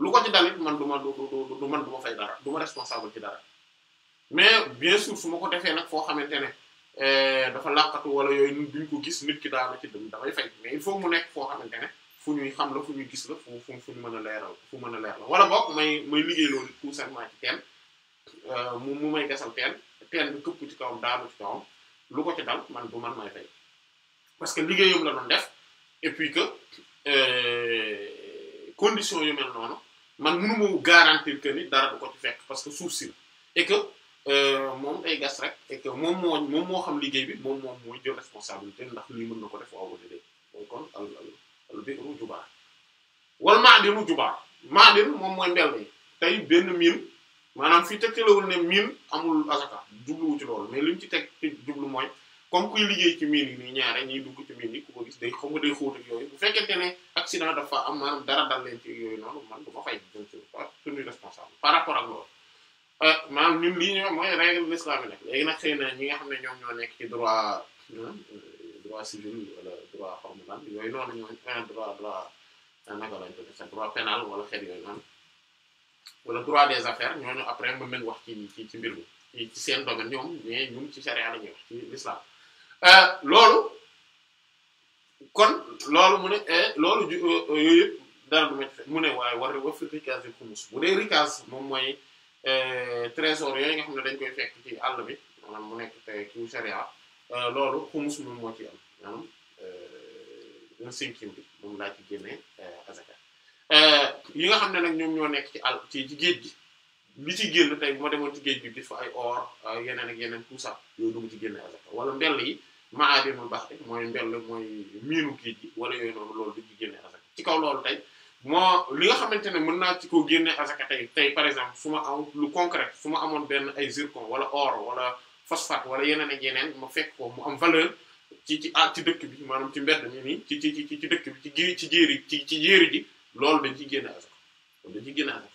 lu ko ci dal it man du ma du du du man du ma fay dara du ma responsable ci dara mais bien suuf su ma ko defee nag foo xamante ne euh, dafa làqatu wala yooyu duñ ko gis nit ki daanu ci dënnu damay fay mais il faut mu nekk foo xamante ne. fu ñuy xam la fu ñuy gis la fu fu fu mën a leeral fu mën a leer la wala boog may may liggéey loolu tout simplement ci teen euh, mu mu may gasal teen teen këpp ci kawam daanu ci kawam lu ko ci dal man bu man may fay parce que liggéey liggéeyam la doon def et puis que euh, condition yu mel noonu man mënu ma garantir que ni dara du ko ci fekk parce que suuf si et que euh, moom day gas rek et que moom moo xam liggéey bi moom moom mooy jël responsabilité ndax lii mën na ko def waaw wala déet kon al al bi'ru jubaa wal ma'dinu jubaa ma'din moom mooy ndel bi tey benn mine maanaam fii tegtalawul ne mine amul asaka jubluwu ci loolu mais li mu ci teg ci jublu mooy comme kuy liggéey ci mine yi nii ñaare ñiy dugg ci mine yi ku ko gis day xam nga day xóot yooyu bu fekkente ne accident dafa am maanaam dara dal leen ci yooyu noonu man du fay suñuy responsable par rapport ak loolu euh, maanaam ñun lii ñoo mooy règle l'islam yi nag léegi nag na ñi nga xam ne ñoom ñoo nekk ci droit euh, droit xaw ma lan yooyu noonu ñooñu un droit droit naka lañ ko defee droit pénal wala xeet yooyu noonu wala droit des affaires ñooñu après mën nañ wax ci ci ci mbir mi ci seen domaine ñoom mais ñun ci charia la ñuy wax ci euh, loolu kon loolu mu ne eh, loolu ju euh, euh, yooyu yëpp dara du ma mu ne waaye war wa fi rikaz yi xumus bu dee rikaz moom mooy trésor yooyu nga xam ne dañ koy fekk ci àll bi maanaam mu nekk te ci charia loolu xumus moom moo ci am un cinquième bi moom laa ci génnee euh, azaka yi euh, nga xam ne nag ñoom ñoo nekk ci àll ci ci géej gi bi ci génn tey bu ma demoon ci géej gi bi fa ay or yeneen ak yeneen tout ça yooyu dugg ci génne azaka wala mbell yi maadinul bahri mooy mbell mooy miinu géej gi wala yooyu noonu loolu di ci génne azaka ci kaw loolu tey moo li nga xamante ne mën naa ci koo génne azaka tey tey par exemple su ma am lu concret su ma amoon benn ay zircon wala or wala phosphate wala yeneen ak yeneen ma fekk ko mu am valeur ci ci ah ci dëkk bi maanaam ci mbedd mi nii ci ci dëkk bi ci gi ci jéeri ci ci jéeri ji loolu dañ ciy génne azaka loolu dañ ciy génne azaka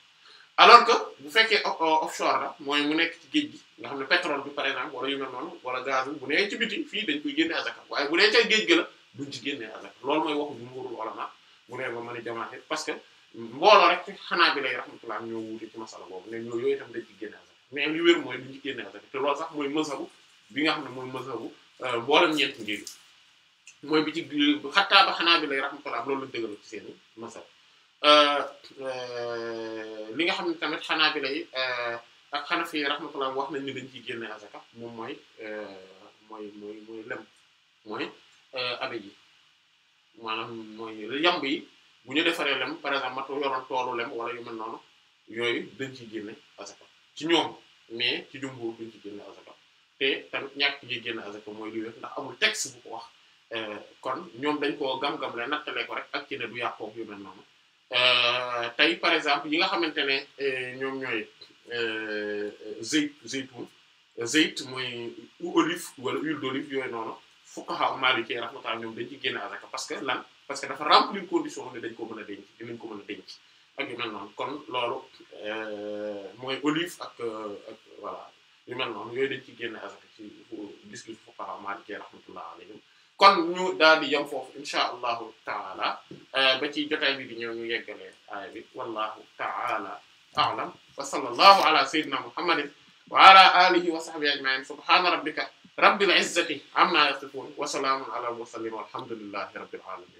alors que bu fekkee offshore la mooy mu nekk ci géej gi nga xam ne pétrole bi exemple wala yu wala gaz bi bu nee ci biti fii dañ koy génne azaka waaye bu nee ca gi la duñ ci génne azaka loolu mooy waxu jumhuurul ulamaa bu nee ba mën a jamaaxe parce que mbooloo rek ci xanaa bi lay rahmatullah ñoo wuute ci masala boobu ne ñoo yooyu tam dañ ci génne azaka mais li wér mooy duñ ci génne azaka te loolu sax mooy mazhabu bi nga xam ne mooy mazhabu Euh, mboolem ñeent ngir mooy bi ci xattaa ba xanaa bi lay rahmatullah loolu lañ dëggal ci seeni masal euh, euh, li nga xam ne tamit xanaa bi lay ak xanafi rahmatullah wax nañ ni dañ ci génne azaka moom mooy mooy mooy mooy lem mooy abe yi bu ñu defaree lem wala yu yooyu dañ ci ñoom mais ci jumbuur duñ ci génne azaka te tamit ñàkk gi génn asaka mooy lu ndax amul texte bu ko euh, kon ñoom dañ koo gam-gam la nattale ko rek ak ci ne du yàqoog yu mel noonu euh, tey par exemple yi nga xamante ne euh, ñoom ñooy zeyt zeytun zeyt mooy olive wala huile d'olive yooyu noonu fuqaha maliki rahmatullah ñoom dañ ci génn asaka parce que lan parce que dafa remplir condition ne dañ ko mën a denc dinañ ko mën a denc ak yu noonu kon loolu mooy olive ak ak yu mel noonu yooyu dañ ci génne asaka ci gis-gis fuqaha Maliki rahmatullah alayhim kon ñu daal di yem foofu insha allahu taala euh, ba ci jotaay bi di ñëw ñu yeggalee aaya bi wallahu taala a'lam wa sallallahu ala sayyidina muhammadin wa ala alihi wa sahbihi ajma'in subhana rabbika rabbil izzati amma yasifun wa salamun ala al mursalin walhamdulillahi rabbil alamin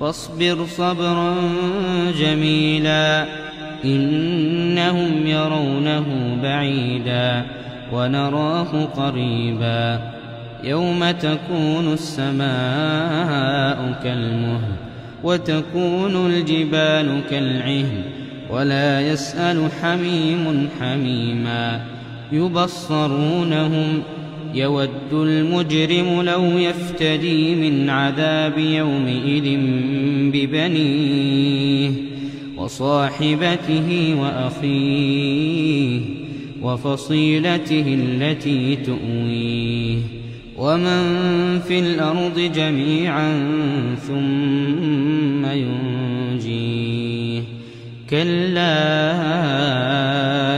فاصبر صبرا جميلا إنهم يرونه بعيدا ونراه قريبا يوم تكون السماء كالمه وتكون الجبال كالعهن ولا يسأل حميم حميما يبصرونهم يود المجرم لو يفتدي من عذاب يومئذ ببنيه وصاحبته وأخيه وفصيلته التي تؤويه ومن في الأرض جميعا ثم ينجيه كلا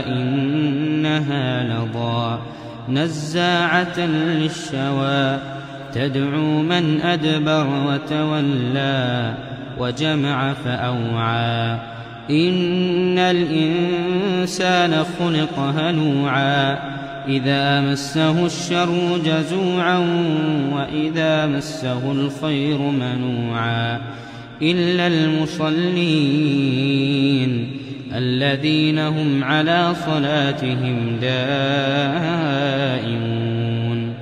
إنها لَظَى نزاعة للشوى تدعو من أدبر وتولى وجمع فأوعى إن الإنسان خلق هلوعا إذا مسه الشر جزوعا وإذا مسه الخير منوعا إلا المصلين الذين هم على صلاتهم دائمون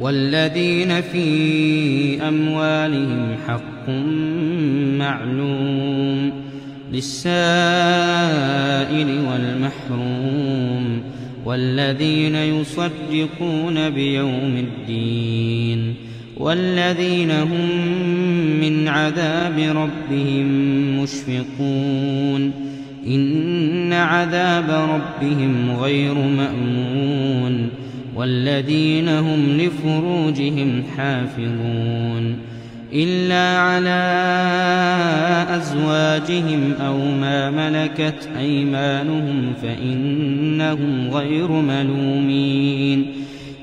والذين في أموالهم حق معلوم للسائل والمحروم والذين يصدقون بيوم الدين والذين هم من عذاب ربهم مشفقون إن عذاب ربهم غير مأمون والذين هم لفروجهم حافظون إلا على أزواجهم أو ما ملكت أيمانهم فإنهم غير ملومين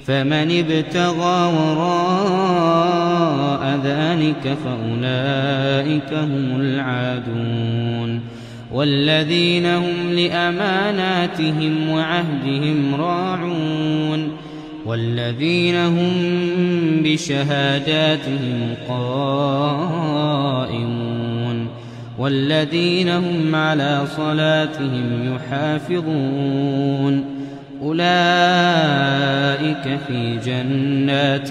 فمن ابتغى وراء ذلك فأولئك هم العادون والذين هم لأماناتهم وعهدهم راعون والذين هم بشهاداتهم قائمون والذين هم على صلاتهم يحافظون أولئك في جنات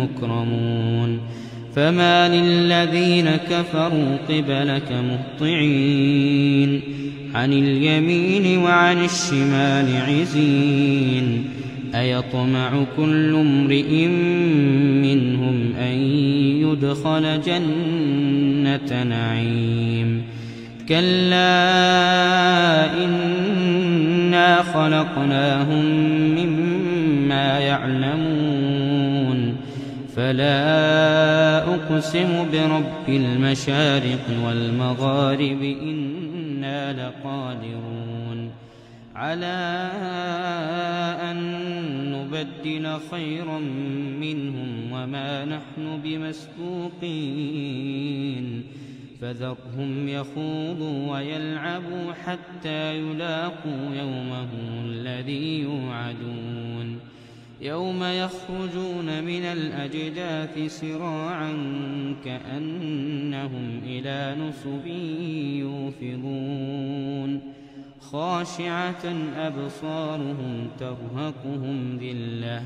مكرمون فما للذين كفروا قبلك مهطعين عن اليمين وعن الشمال عزين أيطمع كل امرئ منهم أن يدخل جنة نعيم كلا إنا خلقناهم مما يعلمون فلا أقسم برب المشارق والمغارب إنا لقادرون على أن نبدل خيرا منهم وما نحن بمسبوقين فذرهم يخوضوا ويلعبوا حتى يلاقوا يومهم الذي يوعدون يوم يخرجون من الأجداث سراعا كأنهم إلى نصب يوفضون خاشعة أبصارهم ترهقهم ذلة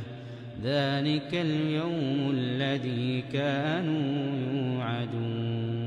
ذلك اليوم الذي كانوا يوعدون